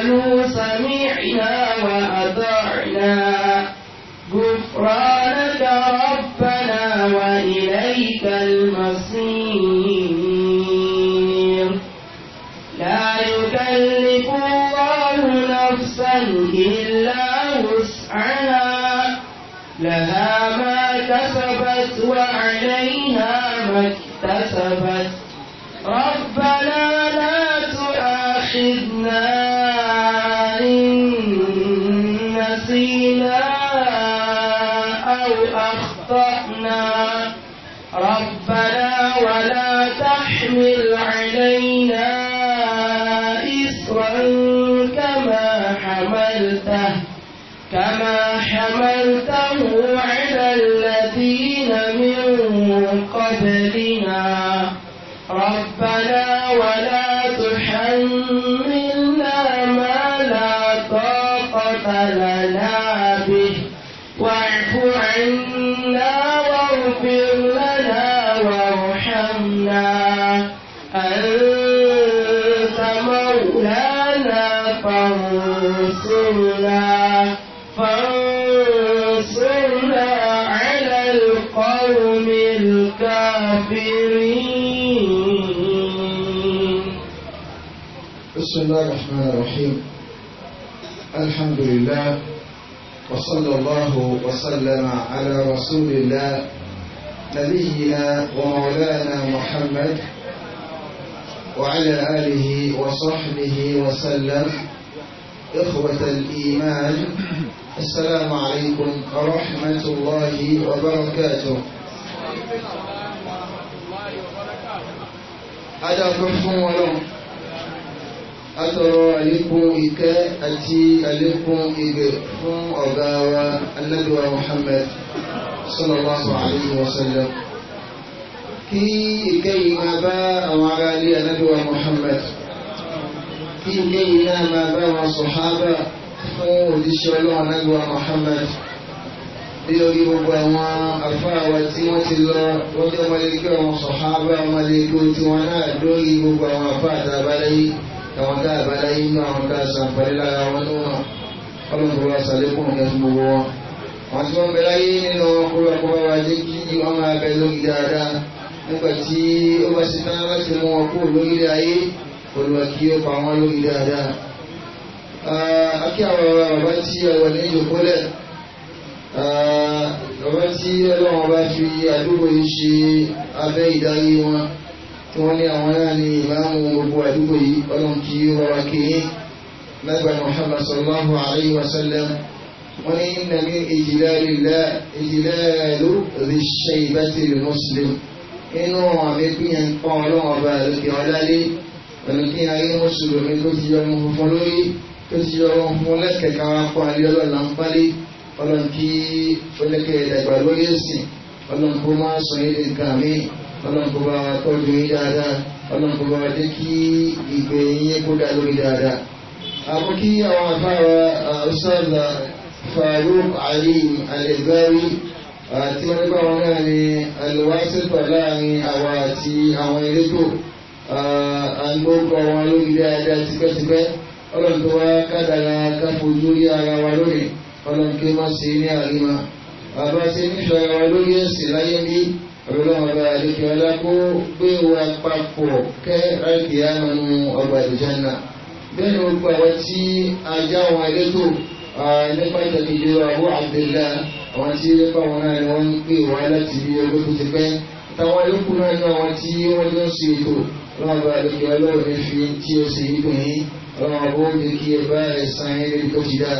قالوا سمعنا وأطعنا غفرانك ربنا وإليك المصير لا يكلف الله نفسا إلا وسعها لها ما كسبت وعليها ما اكتسبت عنا واغفر لنا وارحمنا أنت مولانا فانصرنا فانصرنا على القوم الكافرين بسم الله الرحمن الرحيم الحمد لله وصلى الله وسلم على رسول الله نبينا ومولانا محمد وعلى آله وصحبه وسلم إخوة الإيمان السلام عليكم ورحمة الله وبركاته هذا كفو ولوم atọrọ àlékún ìkẹ́ àti àlékún ìgẹ̀ fún ọ̀gá wa ànábì wa Muhammad sallallahu alaihi wa sallam kí ìkẹ́ yìí máa bá àwọn ará ilé ànábì wa Muhammad kí ìkẹ́ yìí náà máa bá àwọn sọ̀hábà fún òjíṣẹ́ ọlọ́run ànábì Muhammad bí orí gbogbo àwọn afáàwà tí wọ́n ti lọ lọ́jọ́ mọ́lẹ́kẹ́ àwọn sọ̀hábà mọ́lẹ́kẹ́ tí wọ́n náà lórí gbogbo àwọn afáàtà abáláyé àwọn tá àbáláyé inú àwọn tá àṣàǹfààní lára wọn ní wọn ọlọ́run wa ṣàlékún ọ̀gá fún gbogbo wọn àwọn tí wọ́n bẹ láyé nínú ọkùnrin ọkùnrin wa jẹ́ kí wọ́n máa bẹ lórí dáadáa nígbà tí ó bá ṣe tán láti mú wọn kúrò lórí ayé olùwà kí ó pa wọn lórí dáadáa akí àwọn bàbá tí ọwọ́ ní ìjòkólẹ̀ bàbá tí ọlọ́run bá fi àdúgbò yìí ṣe abẹ́ ìdarí wọn tí wọ́n ní àwọn náà ní ìmáàmù gbogbo àdúgbò yìí ọlọ́run kí rọra kéyé lágbà Muhammad sallallahu alayhi wa sallam wọ́n ní inna min ijlalu zi shaybati lil inú àmì pínyà ń ọba lókè kí ayé mùsùlùmí tó kí ọlọ́nkọba tọ́jú yín dáadáa ọlọ́nkọba jẹ́ kí ìgbẹ̀yìn yẹn kó dá lórí dáadáa. àmọ́ kí àwọn afárá ọ̀sánà Faruk Alim Al-Albani àti wọn nípa wọn náà ni àlùwásílẹ̀ láàrin àwa àti àwọn elétò àlùkọ wọn lórí dáadáa tipẹ́tipẹ́ ọlọ́nkọba kádàrá káfojú rí ara wa lónìí ọlọ́nkẹ́ má ṣe ní àríwá àbá ṣe nífẹ̀ẹ́ ara wa lórí ẹ̀sìn láyé bíi ọlọ́mọba adékẹ́lá kó gbé wa papọ̀ kẹ́ ráìkì yánu ọgbà àdìjánà bẹ́ẹ̀ ni gbogbo àwọn tí a já wọn elétò nípa ìtàkìjọ àbú àbdèlá àwọn tí nípa wọn náà ni wọ́n ń pè wá láti bí ọgbẹ́ tó ti pẹ́ táwọn yòókù náà ní àwọn tí wọ́n jọ ń ṣe ètò ọlọ́mọba adékẹ́lá lọ́wọ́ ní fi tí ó ṣe ètò yìí ọlọ́mọba ó ní kí ẹ bá ẹ̀ san ẹ̀ lórí tó ti dá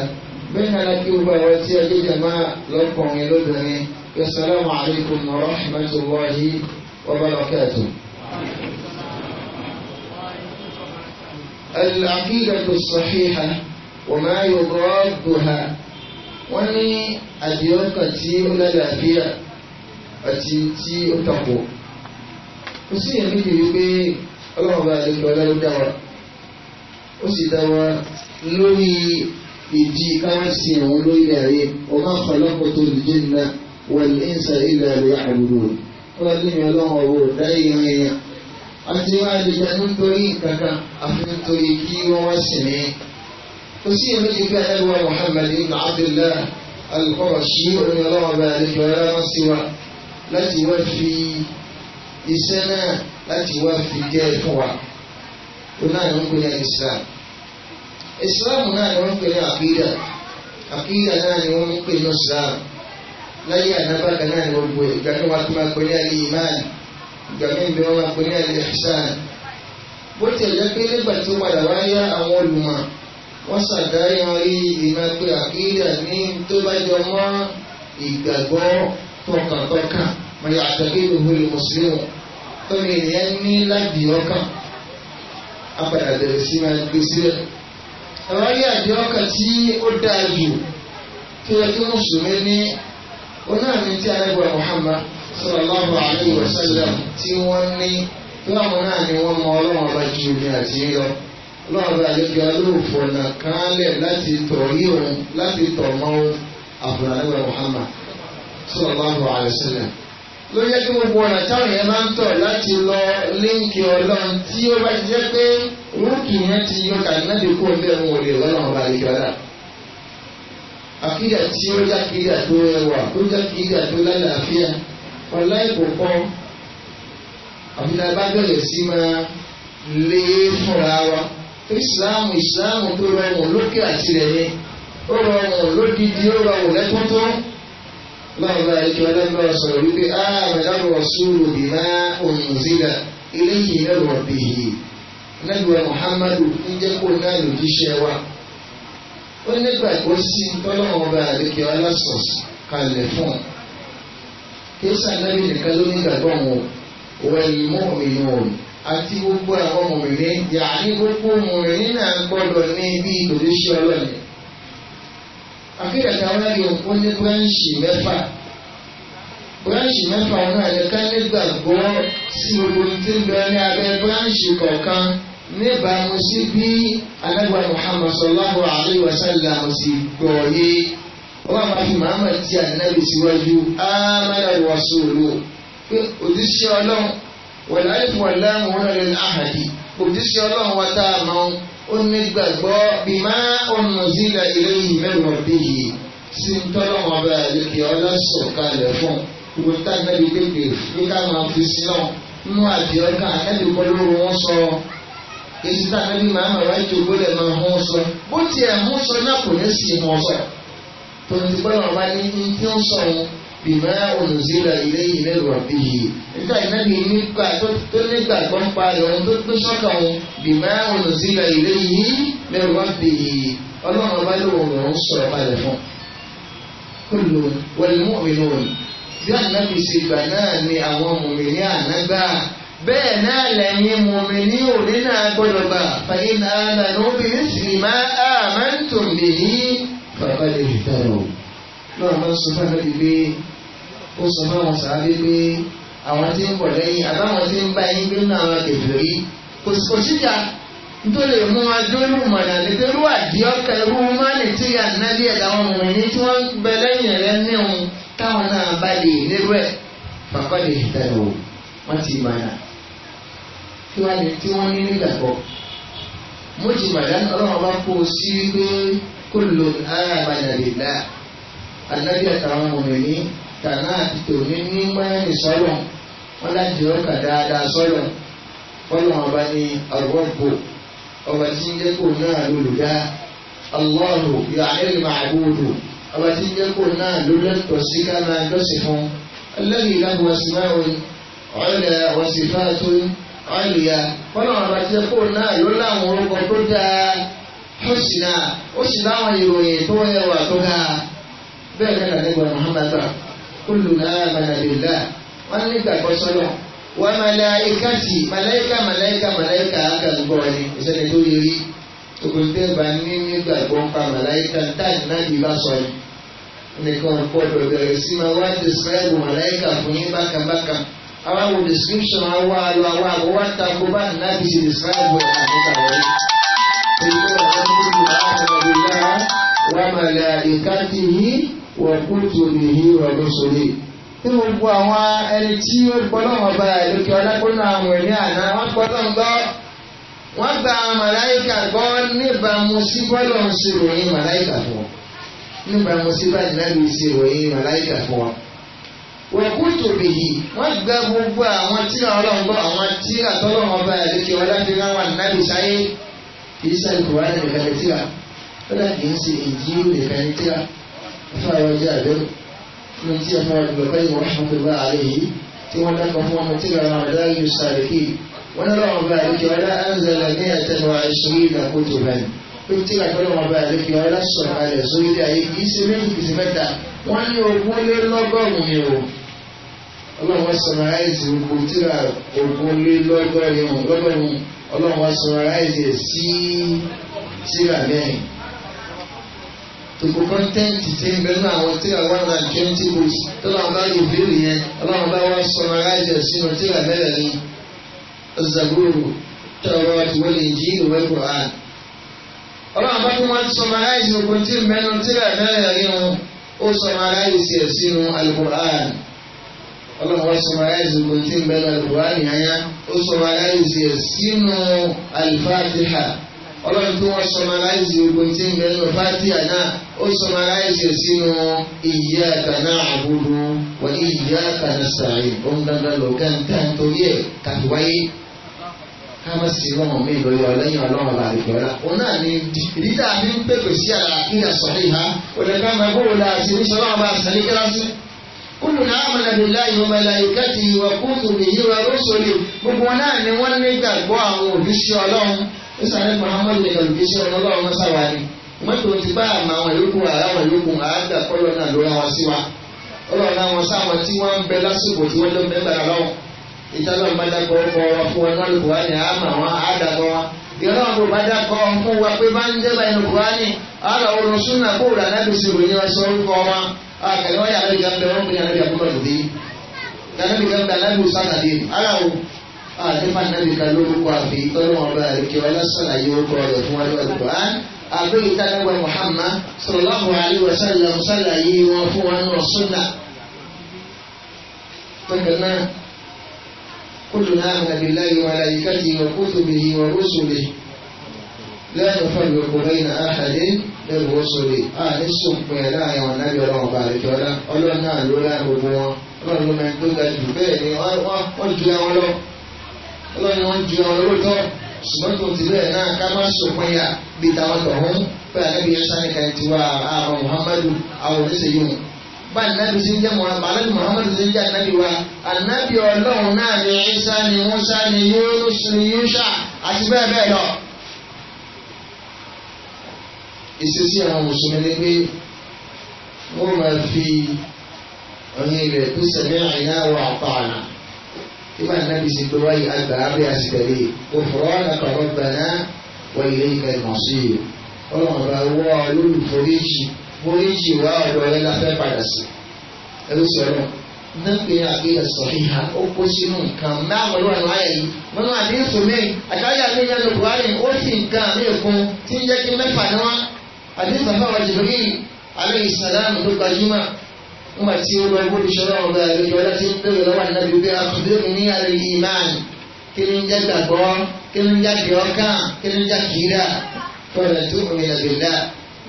bẹ́ẹ̀ السلام عليكم ورحمة الله وبركاته العقيدة الصحيحة وما يضادها وني أديون كتي ولا دافية أتي تي أتقو وسي يمكن يبي الله بارك ولا دواء وسي دواء لوي يجي كان سي ولوي وما خلقت الجنة والإنس إلا ليعبدون ولم يلوم أبوه دائما أتما لجأن طريقك أخذ تريكي ومسني فسيح لك أبو محمد بن عبد الله القرشي أن يلوم ذلك ولا نصر لا توفي لسنة لا توفي كافرة ونا ينقل الإسلام إسلام نا ينقل عقيدة عقيدة نا ينقل الإسلام lẹ́yìn àdábàkà náà ni gbogbo ìgbà tó wá tó máa pè ní àlè ìmáàlì ìgbà míì bí wọ́n máa pè ní àlè ìṣàn bó tiẹ̀ jẹ́ pé nígbà tí padà wá yá àwọn olùmọ̀ wọ́n ṣàdáyé wọn rí ìmọ̀ pé àkíyà ní tó bá jọ mọ́ ìgbàgbọ́ tọkàntọkàn mọ̀ yàtọ̀kí gbogbo ìmùsùlùmù onáà ní tí anábọ̀ Muhammad sallallahu alayhi wa sallam tí wọ́n ní láwọn náà ni wọ́n mọ ọlọ́run ọba ju omi àti yíyọ ọlọ́run ọba àlejò alóòfòlà kan lẹ̀ láti tọ̀ yí òun láti tọ̀ mọ́ òun àfọlà anábọ̀ Muhammad sallallahu alayhi wa sallam ló yẹ kí gbogbo ọ̀nà táwọn yẹn máa ń tọ̀ láti lọ líǹkì ọlọ́run tí ó bá ti jẹ́ pé rúùtù yẹn ti yọ kàdínàdì kó bẹ́ẹ̀ ń wọlé ọlọ́run ọba àlejò aláà àkídà tí ó jẹ́ àkídà tó rẹwà tó jẹ́ àkídà tó lálàáfíà wọn láì kò kọ́ àfihàn bá bẹ̀rẹ̀ sí máa lé fúnra wa ìsìláàmù ìsìláàmù tó rọrùn lókè àti rẹ̀ ni ó rọrùn lódìdí ó rọrùn lẹ́tọ́tọ́ láwọn bá ẹjọ́ ẹlẹ́gbẹ́ sọ̀rọ̀ wípé ààrẹ̀dáwò ọ̀ṣúrò bí máa ònùzílà ilé yìí lẹ́rọ̀ bìhì nẹ́gbẹ̀ẹ́ Muhammadu ń jẹ́ kó náà lòdì ṣẹ́ wa ó nígbà tó sí tọ́lọ́mọ ọba àdékè alásọ̀s kalẹ̀ fún un kéésà náà nìkan ló ní ìgbàgbọ́ wọn wẹ̀lì mọ́ òmìnira òun àti gbogbo àwọn òmìnira yàrá gbogbo òmìnira náà gbọ́dọ̀ ní bí ìdòdóṣe ọlọ́ọ̀ni. àfihàn àwọn ẹ̀yọ̀ ó ní bíránṣì mẹ́fà bíránṣì mẹ́fà náà ní ká nígbàgbọ́ sí gbogbo tí ń bẹ ní abẹ́ bíránṣì kọ̀ọ̀kan níbàámu sí bí alágbàá Muhammad sallallahu alayhi wa sallam sì gbọ́ yé wọ́n máa fi Muhammad ti ànábì síwájú amara rasulu pé òjíṣẹ́ ọlọ́run wọ̀n láì fún ọ̀làmù wọn lè láhàdì òjíṣẹ́ ọlọ́run wa tá a mọ̀ ó ní gbàgbọ́ bí máa ń nù sílẹ̀ ilé yìí mẹ́wàá bí yìí sí ń tọ́lọ́ wọn bá àlejò ọlọ́sọ̀ kalẹ̀ fún gbogbo tágbẹ́bí pépè ní ká fi sí náà nínú àbíọ́ká ẹ̀dùnkọ́ èsì tá a ní máa ń rọra ìjòkó lẹ̀ máa hún sọ bó tiẹ̀ hún sọ náà kò ní sí ìmọ̀ sọ tòun ti gbọ́dọ̀ wá ní ní tí ó sọ wọn bìmọ̀ olùsílẹ̀ ilé ilé rọ̀bì yìí nígbà ìnáni nígbà tó nígbàgbọ́ ń pa rẹ̀ ohun tó sọ́kàn wọn bìmọ̀ olùsílẹ̀ ilé yìí ilé rọ̀bì yìí ọlọ́run ọba lóun ló ń sọ̀rọ̀ balẹ̀ fún kúlò wọlé mú bẹ́ẹ̀ náà lẹ́yìn mọ̀mí ní òní náà gbọ́dọ̀ gbà fàyín àmàlú bí ń sì máa àmàntùn lè yí bàbá lè rí tẹ̀rọ. náà lọ sọ fún mi pé ó sọ fún àwọn sàábé pé àwọn tí ń bọ̀ lẹ́yìn àbáwọn tí ń bá yín gbé náà wọn kẹfẹ́ rí kò sí òṣìjà nítorí mú adúlù mọ̀nà nípa irú àdìọ́kẹ́ irú mọ́nì tí ànábì ẹ̀dá wọn mọ̀ ní tí wọ́n bẹ lẹ́yìn rẹ̀ ní òun táwọn náà bá lè nírú ẹ̀ bàbá lè wọ́n ti mọ̀nà kí wọ́n lè tí wọ́n ní nígbàgbọ́. mo ti bàdá ọlọ́run bá kó o sí pé kó lo ara àbàdàlè là àdájọ́ àtàwọn mọ̀mìnì tànà àti tòní ní mọ́yánì sọ́lọ̀ wọn láti ọkà dáadáa sọ́lọ̀ ọlọ́run bá ní àrùbọ̀bò ọba tí ń jẹ́ náà lòlùdá Allahu ya'lamu ma'budu ọba tí ń jẹ́ kó náà lòlẹ́tọ̀ sí ká máa jọ́sìn fún alladhi lahu asma'un 'ula wa sifatun ọ̀lùyà kọ́nà ọ̀rọ̀ àti ẹ̀kọ́ náà yóò láwọn orúkọ tó dáa ó sì náà ó sì láwọn ìròyìn tó ẹwà tó dáa bẹ́ẹ̀ náà nígbà Muhammadu kúlù náà mànàbílà wọ́n ní ìgbàgbọ́ sọ́nà wọ́n màláìka sí màláìka màláìka màláìka àgàgbọ́ ni ìṣẹ̀lẹ̀ tó lè rí tòkòtò tẹ́ bá ní nígbàgbọ́ pa màláìka táàdì náà bí bá sọ nìkan pọ̀ dọ̀dọ̀ sí máa wá describe màláìka fún yín bákàbákà àwa the description àwa àlọ àwa àwọ wá ta kó bá nínú àti ṣe describe ẹ̀ àbúkà rẹ̀. Èyí ló wà ní ìlú àtàwọn ìlà wà màlẹ̀ ìkàtì yìí wọ̀ kúrútù nìyí wọ̀ lóṣòlè. Ní gbogbo àwọn ẹni tí ó gbọ́dọ̀mọ̀ bá ìlókè ọlákùnrin àwọn ẹ̀mí àná wọ́n gbọ́dọ̀mọ̀ wọ́n gba màláìkà gbọ́ níbàámu sí bọ́lọ̀ ń ṣèròyìn màláìkà fún ọ. Níbàámu sí bá ìlànà ìṣèròyìn màláìkà fún ọ òkú tòbí yìí wọ́n gba gbogbo àwọn tíra ọlọ́run gbọ́ àwọn tíra tọ́lọ́run ọba àdékè ọlá fi ráwà nábì sáyé kìí sáyé kò wá ní ìfẹ́ ní tíra lọ́dà kìí ṣe èjì ó lè fẹ́ ní tíra fún àwọn ọjọ́ àbẹ́rù fún tí ẹ̀fọ́ àdìgbọ̀pẹ́ yìí wọ́n fún gbogbo ààrẹ yìí tí wọ́n dákọ̀ fún ọmọ tíra àwọn ọ̀dọ́ yìí sáré kí wọ́n lọ́rọ̀ ọba àdékè ọlá anzala ní ẹ̀tẹ̀nù àṣírínà kó tó bẹ́ẹ̀ pé tíra tọ́lọ́run ọba àdékè ọlá sọ̀rọ̀ àlẹ̀ sórí ayé kìí ṣe méjì kìí ṣe mẹ́ta wọ́n ní ogún lé lọ́gọ́rùn-ún ni o ọlọ́run wá sọmaráìsì gbogbo tíra ogun lé lọ́gbẹ̀rin ọ̀gbọ́gbẹ̀rin ọlọ́run wá sọmaráìsì sí tíra mẹ́rin tòkò kọ́ńtẹ́ǹtì ti ń bẹ ní àwọn tíra one and twenty books tọ́lá bá yóò béèrè yẹn ọlọ́run bá wá sọmaráìsì sínú tíra mẹ́rin Zaburu tọ́rọ ìwọlé jí ìwé Quran ọlọ́run bá tún wá sọmaráìsì ogun tí ń bẹ ní tíra mẹ́rin rí wọn ó sọmaráìsì sínú al ọlọ́run wá sọmaráìsì gbogbo tí ń bẹ́ẹ̀ lọ Kùránì àyá ó sọmaráìsì ẹ̀ sínú alifáàtìhà ọlọ́run tí wọ́n sọmaráìsì gbogbo tí ń bẹ́ẹ̀ lọ fáàtìhà náà ó sọmaráìsì ẹ̀ sínú iyyaka na'budu wa iyyaka nasta'in ó ń dandan lọ gáńtà torí ẹ̀ kàtíwáyé káma sí lọ́mọ mi lórí ọlẹ́yìn ọlọ́run làlùkọ́lá òun náà ni rídà mi ń pèpè sí àlàkíyà sọ̀rọ̀ ìhá òdẹ̀ká kúlùnà àmàlàbìláyì ọmọlàyíkàtì ìwàkútùbìyí wa rọ́sọ̀lẹ̀ gbogbo náà ni wọ́n ní gbàgbọ́ àwọn òbíṣẹ́ ọlọ́run ìsàlẹ̀ muhammadu ní òbíṣẹ́ ọlọ́run wọn sáwà ni mọ́tò ti bá àmà àwọn ìlúkù àwọn ìlúkù àádà kọ́lọ́ náà lóra wọn sí wa ọlọ́run náà wọn sáwọn tí wọ́n ń bẹ lásìkò tí wọ́n ló mẹ́bàrà lọ́wọ́ ìtàlọ́run bá dákọ̀ ọkọ̀ ọ̀rọ̀ fún wọn náà lóko wá ní àmà wọn àádà kò bá dákọ̀ fún wa pé bá ń jẹ́ bá ẹnu kò àlọ́ òrùn súnà kó rà náà bí sì ròyìn ọ̀sán orúkọ wọn akẹlẹ wọn yà lẹbi gan bẹ pun bẹ yà lẹbi akọkọ lòdì lẹbi gan bẹ alẹbi sàlàyé ara o ah, àdéhùn anabi kan itu àbí tọ́lọ́wọ́n ọba àríkè wọn lásàlàyé orúkọ rẹ̀ fún ah, wa lọ́wọ́ àdúrà àgbéyìí tá lẹ́wọ̀n Muhammad sallallahu alaihi wa sallam sàlàyé wọn fún wa nù sunnah tọ́kẹ̀ náà kúlù náà nàbìláyé wa láyé kájí wa kútùbìlì wa rúṣùlì. لا نفرق بين أحد من الرسل أهل السنة لا يوم نبي الله بارك ولا أولا نالو لا هو ọlọ́run ló máa ń gbéga jù bẹ́ẹ̀ ni wọ́n ju àwọn lọ ọlọ́run ni wọ́n ju àwọn lóòótọ́ ṣùgbọ́n tó ti bẹ́ẹ̀ náà ká má ṣòpinya bíi táwọn tọ̀hún pé ànábi yẹn sáré kan ti wá àwọn muhammadu àwọn oníṣèyún bá ànábi ṣe ń jẹ́ ànábi muhammadu ṣe ń jẹ́ ànábi wa ànábi ọlọ́run náà ni Ìsá ni Mùsá ni Yúnúsù ni Yúṣà àti bẹ́ẹ̀ bẹ́ẹ̀ lọ ìṣesí àwọn mùsùlùmí ni pé wọ́n máa fi ọ̀yìn rẹ̀ tó sẹ̀mí àyà wà pààlà nígbà náà bí sèpé wáyé àgbà abẹ́ àsìkẹ̀lé òfurọ́ àtàwọn gbàná wọ ilé ìgbà ìmọ̀sí ọlọ́run bá wọ́ olólùforíjì foríjì wá ọ̀dọ̀ ẹ̀ láfẹ́ padà sí ẹ̀rú sọ̀rọ̀ nípe àgbéyà sọ̀híhà ó kó sínú nǹkan mẹ́wàá lọ́wọ́ àwọn ayẹyẹ nínú àdéhùn mi àtàwọn àgbéyà lọ́kùnrin ó sì nǹkan àmì ìfún tí ń jẹ́ kí mẹ́fà ni wọ́n àdéhùn bàbá wa Jibril alayhi salam ló gbajúmọ̀ nígbà tí ó lọ ẹgbẹ́ ìṣọ́lá ọ̀gá àlejò ọlá tí ń bèrè lọ́wọ́ ànábi pé àkùdéhùn ní àlè ìmáàn kí ni ń jẹ́ gbàgbọ́ kí ni ń jẹ́ kìọ́kàn kí ni ń jẹ́ kìíra fọlẹ̀ tó òmìnira bèlà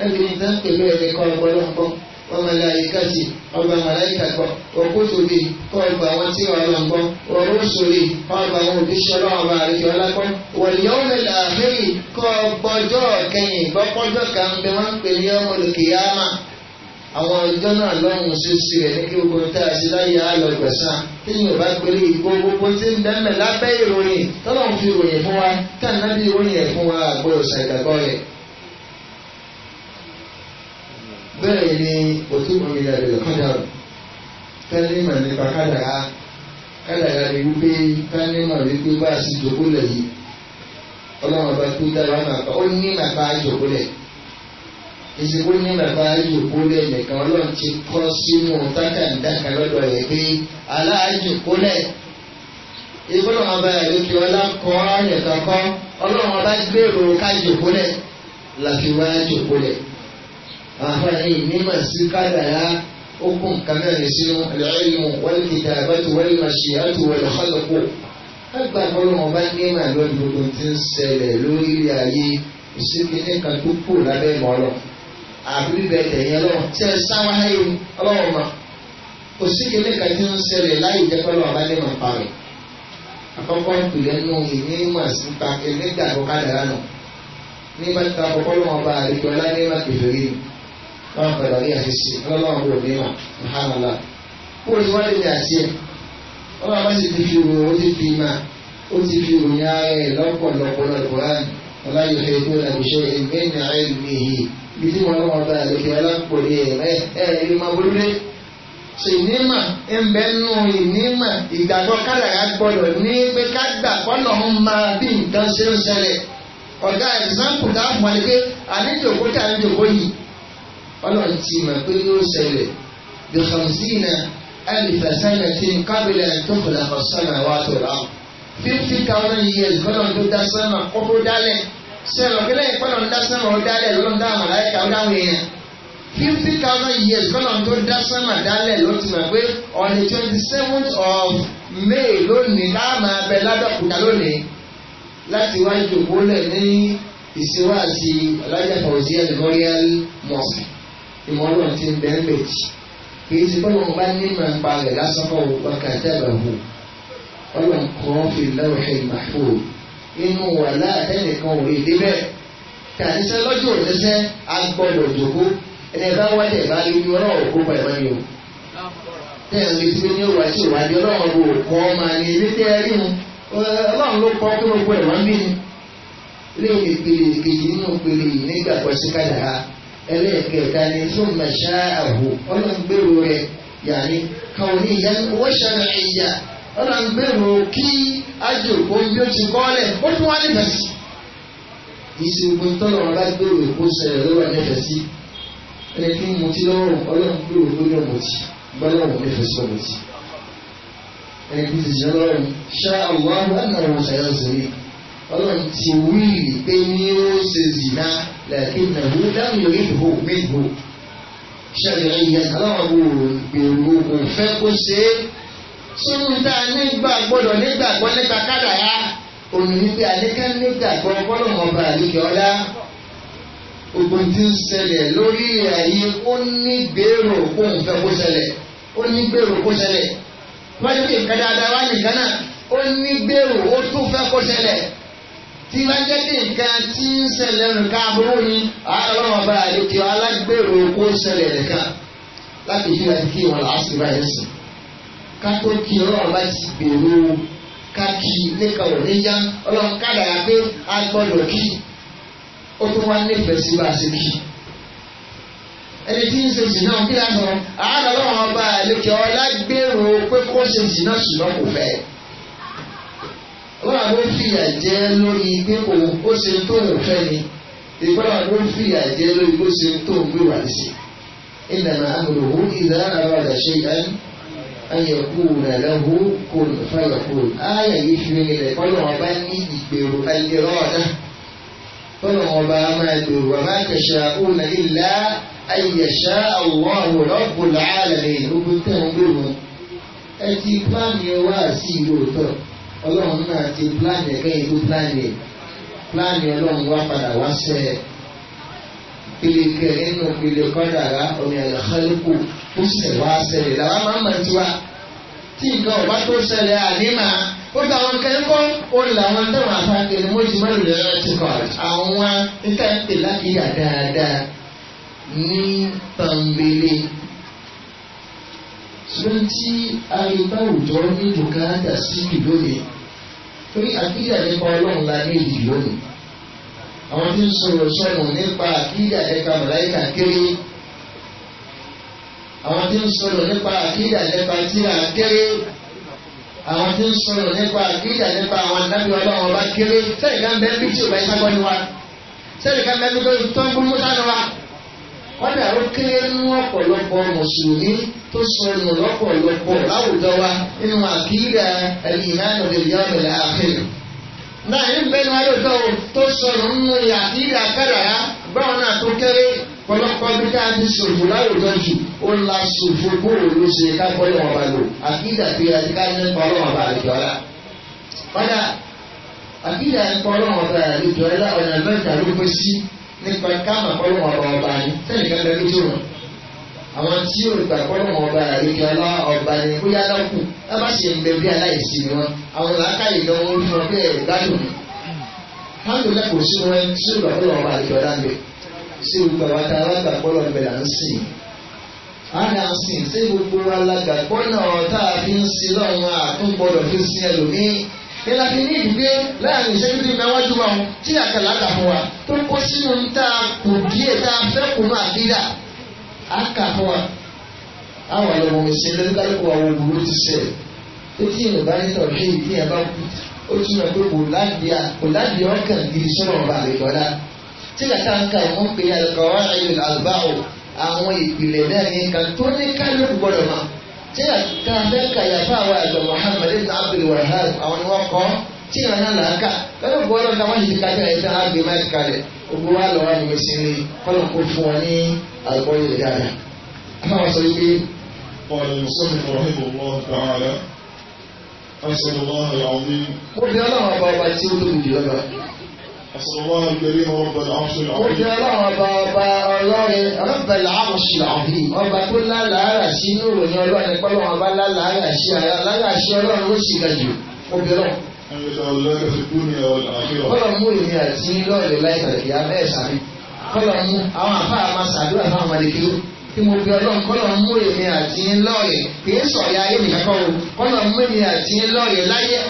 ẹgbẹ́ ìtàn pẹ̀lú ẹ̀mí kọ́ ọgbọ́n وملائكته ọgbà màláìkà gbọ́ òkútùbí kọ́ ọgbà àwọn tí ọ̀rọ̀ gbọ́ òrùsùlì kọ́ ọgbà àwọn òbíṣẹ́ ọlọ́ọ̀bà àríkì ọlágbọ́ wọ̀lẹ́ọ̀mẹ̀ làáfẹ́yì kọ́ ọgbọ́jọ́ kẹyìn gbọ́pọ́jọ́ kan bí wọ́n ń pè ní ọmọ lòkèyàmà àwọn ọjọ́ náà lọ́rùn ṣíṣe rẹ̀ ní kí gbogbo tá a ṣe láyé àlọ́gbẹ̀sán tí yóò bá pélé gbogbo tí ń dẹ́mẹ̀ lábẹ́ ìròyìn tọ́lọ́run fi ròyìn fún wa tá a ìròyìn ẹ̀ fún wa àgbọ̀rọ̀ ṣàgbàgbọ́ rẹ̀ bẹ́ẹ̀ ni òtún ìmọ̀lẹ̀ rẹ̀ kádàrù tẹ́lẹ̀mọ̀ nípa kádàrá kádàrá ni wípé tẹ́lẹ̀mọ̀ wípé bá a sì jòkólẹ̀ yìí ọlọ́run bá tó dára nàbà ó ní nàbà jòkólẹ̀ ìsìnkú ní bàbá ayòkólẹ̀ nìkan ọlọ́run ti kọ́ sínú tákàndáka lọ́dọ̀ rẹ̀ pé aláàjòkólẹ̀ ìgbọ́dọ̀ ọba ìlókè ọlá kọ́ nìkan kọ́ ọlọ́run ọba gbèrò kájòkólẹ̀ làfi wá jòkólẹ̀. أخرين مما استكاد لا أكم كما نسيو العلم والكتابة والمشيئة والخلق أكبر قولهم بان مما لون بكنتين سيلو إلي أي ìsìnkìní kan tó kù lábẹ́ ìmọ̀ lọ àbí bẹ̀rẹ̀ yẹn lọ tẹ sáwọn ayé ọlọ́run ma òsìnkìní kan tó ń ṣẹlẹ̀ láì jẹ́ pẹ́lú ọba ní màá parẹ́ àkọ́kọ́ ìpìlẹ̀ nù ìní mà sí pa ẹ̀mí gbàgbọ́ kádàrá nù ní mẹ́ta àkọ́kọ́ lọ́wọ́ bá àdìgbọ́lá ní màkìfẹ́rẹ́ yìí báwọn pẹ̀lú àríyá ṣe ṣe ọlọ́run ló ní mà mùhàmàlá kó o ti wá lélẹ̀ àti ẹ̀ ọlọ́run bá sì ti fi ròyìn ó ti fi mà ó ti fi ròyìn ara ẹ̀ lọ́pọ̀lọpọ̀ lọ́kùnrin ọláyọ̀ fẹ́ kó làbíṣẹ́ ìgbẹ́ni ara ẹ̀ mi yìí bí tí wọn lọ́wọ́ bá àlejò alákòrí ẹ̀ ẹ̀ ẹ̀ máa wọlé ṣe ìnímà ẹ̀mbẹ́nu ìnímà ìgbàgbọ́ kádàrá gbọ́dọ̀ ní pé kágbà kọ́nà ń máa bí nǹkan ṣe ń ṣẹlẹ̀ ọ̀gá ẹ̀sán kùdà fún wa ni yìí ọlọ́run ti mọ̀ pé yóò ṣẹlẹ̀ bí khamsina alifa sanatin qabla tó kọlá kan sọ́nà wa tó rà ó fifty thousand years kọ́nà tó dá sọ́nà kó tó dálẹ̀ sẹ́wọ̀n kílẹ̀ kọ́nà tó dá sọ́nà ó dálẹ̀ lọ́nà dáhùn láyé káwọn dáhùn yẹn fifty thousand years kọ́nà tó dá sọ́nà dálẹ̀ ló ti mọ̀ pé on the twenty seventh of May lónìí láàmà abẹ ládọ́kúta lónìí láti wá ìjòkó lẹ̀ ní ìṣèwádìí alájà Fawziyya Memorial ìmọ̀ ọlọ́run ti ń bẹ́ẹ̀ méjì kìí ti bọ́lá wọn bá ní ìmọ̀ nípa rẹ̀ lásán kọ́ wọn kà dábàá wò ọlọ́run kọ́ fi lọ́wọ́ ìmàfò inú wà láàtẹ́nìkan ò èdè bẹ́ẹ̀ kàdísẹ́ lọ́jọ́ òṣìṣẹ́ agbọ́dọ̀ òjòkó ẹni ẹ bá wáyé ẹ bá rí ní ọlọ́run òkú pa ìmọ̀ ni o tẹ́yìn lè ti ní ìwà tí ìwádìí ọlọ́run bò kọ́ ọmọ ni èmi tẹ́ ẹ rí wọn ọlọ́run ló kọ́ kí gbogbo ẹ̀ wọ́n bí ni lẹ́yìn ìpele ìkejì nínú ìpele yìí nígbàgbọ́ sí kádàrá ẹlẹ́ẹ̀kẹta ni súnmọ̀ ṣáàhù ọlọ́ngbèrò rẹ̀ yàní kàwọníyàn wọ́ṣẹ̀rẹ̀ ẹ̀yà ọlọ́ngbèrò kí ajòkó bí ó ti kọ́lẹ̀ ó tún wá nífẹ̀ẹ́ sí. ìṣe ogun tọ́lọ̀ ọ̀la gbèrò èkó sẹ̀rẹ̀ lọ́wọ́ nífẹ̀ẹ́ sí ẹni tí mo ti lọ́rùn ọlọ́ngbèrò lórí ọ̀mọ̀tì gbọ́dọ̀ nífẹ̀ẹ́ sí ọ̀mọ̀tì ẹni tí ti ṣe lọ́rùn ṣáà ọlọ́run ti wíìlì pé ní ó ṣe zìnà lẹ́ẹ̀kí nàbó dáhùn yóò ìdìbò méjìbò ṣẹlẹ̀ ìyẹn aláwọ̀ gbèrò kò fẹ́ kó ṣe é sóhun tá a nígbà gbọ́dọ̀ nígbàgbọ́ nípa kádàrá òun níbi àdéká nígbàgbọ́ bọ́lọ̀mọ̀ bá àdéjọ ọlá gbogbo tí ń ṣẹlẹ̀ lórí ayé ó ní gbèrò kó ń fẹ́ kó ṣẹlẹ̀ ó ní gbèrò kó ṣẹlẹ̀ wájú kí nǹkan dáadáa wá nìkan náà ó ní gbèrò ó tún fẹ́ kó ṣẹlẹ̀ tí bá jẹ́ pé nǹkan tí ń ṣẹlẹ̀ nǹkan aburú ni ọlọ́run ọba àlejò alágbèrò kó ṣẹlẹ̀ nìkan láti fi láti kí wọn lásìkò báyìí sùn ká tó kí ọlọ́run bá ti gbèrò ká kí nìkan ò ní yá ọlọ́run ká dàgbà pé a gbọ́dọ̀ kí ó tún wá nífẹ̀ẹ́ sí bá a ṣe kí ẹni tí ń ṣe jìnnà kí lásán àádọ́lọ́run ọba àlejò alágbèrò pé kó ṣe jìnnà ṣùgbọ́n kò fẹ́ẹ́ wọ́n àwọn fìyà jẹ lórí pé òun ó ṣe tó òun fẹ́ ni ìgbà àwọn fìyà jẹ lórí bó ṣe tó òun gbé wà ní sí ìlànà àmọ̀lòwò ìlànà àwọn àdàṣe ìdáná ayẹ̀kùn ẹ̀lẹ́hu kò fẹ́yẹ̀kùn ayẹ̀ yìí fi rí rẹ̀ kọ́nà ọba ní ìgbèrò ẹgbẹ̀rún ọ̀dá kọ́nà ọba máa gbèrò ọba kẹsà òun ilá ayẹ̀ṣà àwòrán rọ́bùlá àlẹ́ ìlú tó ń gbèrò ẹ ti bá wá sí ìlú òtọ́ ọlọ́run náà ti pílánì ẹ̀kẹ́ ìlú pílánì pílánì ọlọ́run wá padà wá sẹ́ ẹ̀ pele kẹ nínú pele kọ́dàrá omi àlàkálùkù ó sẹ̀ wá sẹ̀lẹ̀ làwọn máa ń mọ̀ tiwa tí nǹkan ọ̀bá tó ṣẹlẹ̀ ànímà ó gba àwọn kẹ́kọ́ ó làwọn tẹ̀wọ̀n àtàkè ni mo ti mọ́ ìlú ẹ̀rọ ti kọ̀ àwọn nǹkan ìpè lákìyà dáadáa ní pàmbélé ṣùgbọ́n tí àyíká òjò ní bùkátà sí ìlónìí torí àkídà nípa ọlọ́run la ní ìdí lónìí àwọn tí ń sọ̀rọ̀ sọ̀rọ̀ nípa àkídà ẹ̀ka màláìkà kéré àwọn tí ń sọ̀rọ̀ nípa àkídà nípa tíra kéré àwọn tí ń sọ̀rọ̀ nípa àkídà nípa àwọn dábìá ọlọ́run ọba kéré sẹ́yìn ká ń bẹ́ẹ̀ bí tí ò bá yẹ sábọ́ ni wa sẹ́yìn ká ń bẹ́ẹ̀ bí tó ń gbó mọ́tà ni wa kọ́dà ó kéré nínú ọ̀pọ̀lọpọ̀ mùsùlùmí tó sọnù lọ́pọ̀lọpọ̀ láwùjọ wa nínú àkíyà ẹ̀lìmánu lèyọ́mìlà àfihàn. náà ń bẹnu ayọ̀dọ̀ tó sọnù nínú àkíyà kádàrá báwọn náà tó kéré pọ̀lọpọ̀ bí ká ti ṣòfò láwùjọ jù ó la ṣòfò bóòlù ló ṣe ká gbọ́dọ̀ wọn bá lò àkíyà tí a ká ní pọ̀lọ́ wọn bá àlejò ọ̀la. kọ́dà àkíyà pọ̀lọ́ wọn bá àlejò ọ̀la ọ̀nà nípa káàmà pọ́lọ́ ọba ọba ni sẹ́yìn kan lọ lójú wọn. àwọn tí yóò gbà pọ́lọ́ ọba àlejò lá ọba ni bóyá lọ́kù ẹ bá ṣe ń bẹ bí aláìsí ni wọn àwọn làákàyè gan wọn fún ọ bẹ́ẹ̀ gbádùn mi. káàmì lẹ́kọ̀ọ́ sí wọn sí ìgbà pọ́lọ́ ọba àlejò ọlá mi sí ìgbà wa ta alágbà pọ́lọ́ ọbẹ̀ là ń sìn. a ní à ń sìn sí gbogbo alágbà pọ́lọ́ tá a fi ń sin lọ́run àtúngbọ́dọ̀ fi sin ẹlòmíì ìlà fi ní ìdúgbé láàrin ìṣẹ́jú ní mẹ́wájú wa tí àkàlà kà fún wa tó kó sínú tá a kò díẹ̀ tá a fẹ́ kùnú àbídà á kà fún wa. àwọn àlọ́ wọn ṣe lẹ́dọ́kálùkù àwọn òwúrò ti ṣẹ̀ etí ìrìnbá ní sọ̀rọ̀ ṣe ìdí ẹ̀ bá kú ó tún lọ pé kò ládìí ọkàn gidi sọ̀rọ̀ ọba àlejòdá tí kàtà ń ka ìwọ́n pe àlùkò àwọn ìpìlẹ̀ náà ní nǹkan tó ní tí àtúntà abẹ́ka yàtọ̀ àwọn àgbà Muhammad ibn Abdul Wahab àwọn ni wọ́n kọ́ tí ìrànà làákà lọ́dọ̀ bọ́ lọ́dọ̀ táwọn yìí ti kájọ ẹ̀ tán àgbè máa kalẹ̀ ogun wa lọ́wọ́ àgbè sí ni kọ́lọ̀ kó fún wọn ní àgbọ̀ yìí dára. Àwọn sọ wípé. Wọ́n lè sọ أسأل الله الكريم رب العرش العظيم قلت لهم بابا الله رب العرش العظيم ọba tó lálàárà sí ní ìròyìn ọlọ́run pẹ́lú ọba lálàárà sí àlàárà sí ọlọ́run ó sì gajù obìnrin.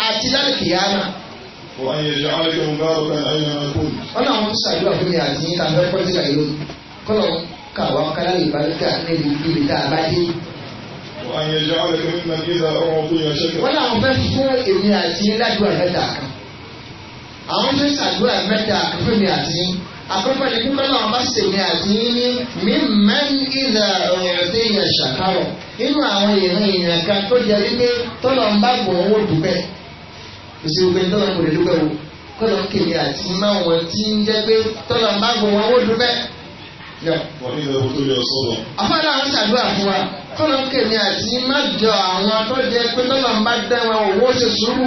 Kọ́lọ̀ وأن يجعلكم باركا أينما كنت. أنا أقول سعيد أبني عزيز أنا أقول سعيد كلهم كوا كلا يبارك نبي نبي تابعي. وأن يجعلكم ممن إذا أعطي شكر. وأنا أقول فوق ابني عزيز لا دوا متى. àwọn fẹ́ ṣàdúrà mẹ́ta fún mi àti àkọ́kọ́ ni kí mẹ́lá ọmọ sì mi àti ní mi mẹ́rin ìlà ọ̀rọ̀ tí ìyẹn ṣàkárọ̀ nínú àwọn èèyàn èèyàn kan tó jẹ́ wípé tọ́lọ̀ ń bá gbọ̀n owó dùbẹ́ òsì gbogbo ẹni tọ́lá kò lè dúpẹ́ o kọ́lọ̀ ń kéde àti máa wọn tí ń jẹ́ pé tọ́lá ń bá gbọ́ wọn ó dúpẹ́. afárá àwọn ṣàdúrà fún wa kọ́lọ̀ ń kéde àti má jọ àwọn akọ́jẹ pé tọ́lá ń bá dá wọn òwò ṣe sùúrù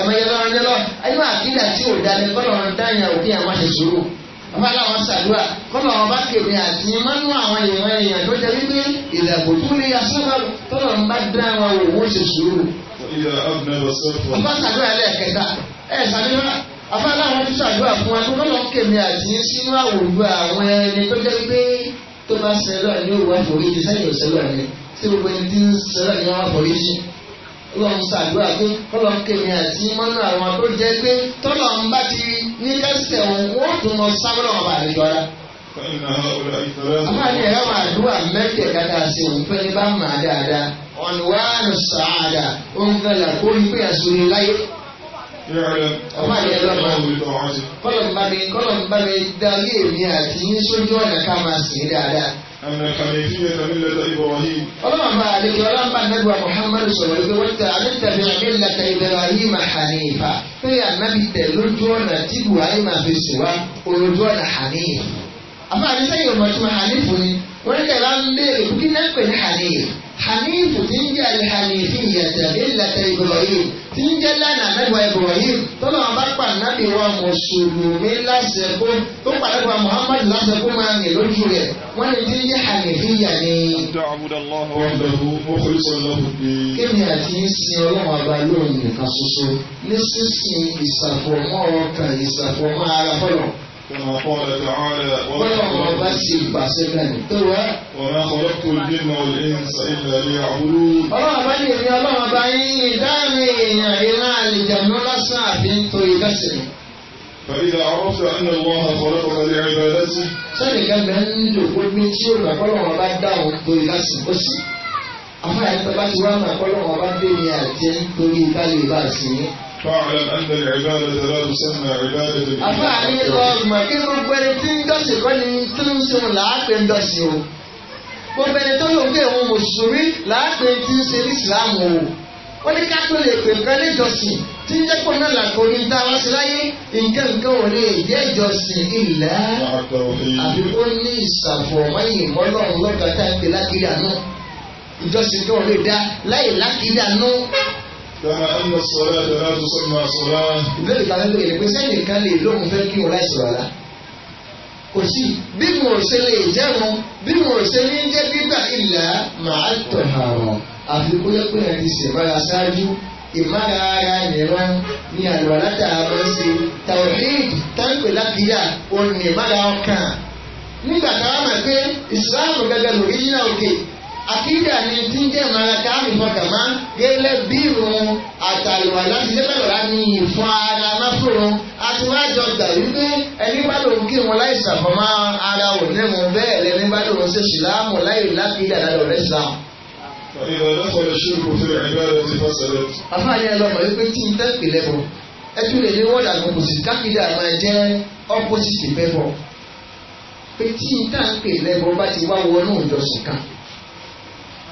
ẹ̀mọ̀yẹ lọ́rọ̀ jẹ́ lọ ẹni máa kí àti òdalẹ̀ kọ́lọ̀ ń dáyà òkè àwọn ṣe sùúrù afárá àwọn ṣàdúrà kọ́lọ̀ wọn bá kéde àti mánú àwọn èèyàn èèyàn tó jẹ wípé ìdàgbò tó lè ìyá abúlé ọ̀sẹ̀fọ̀. ọba ṣàdúrà lẹ́ẹ̀kẹta ẹ ṣàdúrà afáláwọn tó ṣàdúrà fún wa tó lọ́nà kèmí àti sínú àwòrán àwọn ẹni tó jẹ́ pé tó bá ṣẹlẹ̀ ní òwò àforíjì sẹ́yìn òṣèlú àná tí gbogbo ẹni tí ń ṣẹlẹ̀ ní òwò àforíjì ọlọ́run ṣàdúrà pé ọlọ́run kèmí àti mọ́nú àwọn tó jẹ́ pé tọ́lọ́run bá ti ní kẹ́sìtẹ̀ òun ó tún lọ sábẹ́ ọ̀bà àlejò ara àwọn àni ẹ̀rọ àdúrà mẹ́tẹ̀ẹ̀ká dáa sí òun fẹ́ni bá mà dáadáa ọ̀nùwàánù sàádà ó ń fẹ́lẹ̀ kó ń pè àṣírí láyé kọ́lọ̀mbá mi darí èmi àti yín sójú ọ̀nà ká máa sìn dáadáa. ọlọ́mọba àdékè ọlọ́mọba nẹ́gbà muhammadu sọ̀rọ̀ wípé wọ́n tẹ àdétàbí àdélàtà ibrahim hanifa pé ànábì tẹ̀ lójú ọ̀nà tí buhari máa fi sùn wá olójú ọ̀nà hanifa àfààní sẹ́yìn ọmọ tí wọ́n hanifu ni wọ́n kẹ́ bá ń béèrè kí náà pè ní hanif hanifu ti ń jẹ́ alihanifi yẹtẹ̀lẹ́ ìlàtẹ̀ Ibrahim ti ń jẹ́ lánàá mẹ́wàá Ibrahim tọ́lọ́ wọn bá pa nábì wa mùsùlùmí láṣẹ tó pàdé wa Muhammad láṣẹ máa ń yẹ lójú rẹ̀ wọ́n ti ń jẹ́ hanifi yà kémi àti sin ọlọ́run ọba lónìí kan ṣoṣo ní sísìn ìsàfọ̀mọ́ ọkàn ìsàfọ̀mọ́ ara fọlọ́. كما قال تعالى وما خلقت الجن والإنس إلا ليعبدون ọlọ́run bá ní èmi ọlọ́run bá yín ìdáàmì èèyàn ìran àlìjànú lásán àfi nítorí bẹ́sẹ̀. فإذا عرفت أن الله خلقك لعبادته. ti wá màkọ́ lọ́wọ́ bá dé ní àjẹ́ torí ìbálẹ̀ ìbá sí i. فاعلم أن العبادة لا تسمى عبادة àfáàní sọ ìmọ̀ kí gbogbo ẹni tí ń dọ̀sìn kọ́ ni tí ń sinmi làápẹ́ ń dọ̀sìn o gbogbo ẹni tó lòun pé òun mùsùlùmí làápẹ́ ti ń ṣe ní ìsìláàmù o wọ́n ní ká tó lè pè nǹkan ní ìjọsìn tí ń jẹ́ pọ̀ náà làkò ní dá wá sí láyé nǹkan nǹkan ò lè jẹ́ ìjọsìn ilẹ̀ àfikún ní ìsàfọ̀mọ́yìn mọ́lọ́run lọ́gàtà pé lákìrì àná ìjọsìn kan ò lè dá láì lákìrì àná Kama ẹnu sọ̀rọ̀ ẹ̀dọ̀ láti sọ́nà sọ̀rọ̀. Ìbéèrè kan ló béèrè pé sẹ́yìn kan lè lóhun fẹ́ kí wọn láì sọ̀rọ̀ àlá. Kò sí bí mo ṣe lè jẹun bí mo ṣe ní jẹ́ gbígbà ìlà màá tọ̀ àrùn. Àfi kó yẹ pé ẹni ṣèbára ṣáájú ìmára ara ni àlùwàlá tá ṣe. Tàwíìd táǹpẹ̀ lákìyà òun ni ìmára ọkàn. Nígbà táwọn mọ̀ pé ìsìláàmù lòrí yíyá òkè àkídà ni tí ń jẹ́ ìmọ̀lẹ́ka àmìfọ̀kàmá gẹ́lẹ́ bí irun àtàlùwà láti lẹ́bẹ̀rẹ̀ ní ìfún ara máfòrún àti wọ́n àjọ gbà wípé ẹni bá lòun kí wọn láì ṣàfọ̀mọ́ ara ò ní mu bẹ́ẹ̀ lẹni bá lòun ṣe ṣìláàmù láì lákìdà lálọ́ rẹ̀ sá. àfáàyẹ lọmọ wípé tí ń tẹ́pì lẹ́bọ̀ ẹ tún lè ní wọ́ọ̀dà gbogbo sí kákìdà máa jẹ́ ọ́pọ́sìtì bẹ́bọ̀ pé tí ń tàǹpì lẹ́bọ̀ bá ti wá wọnú ìjọsìn kan.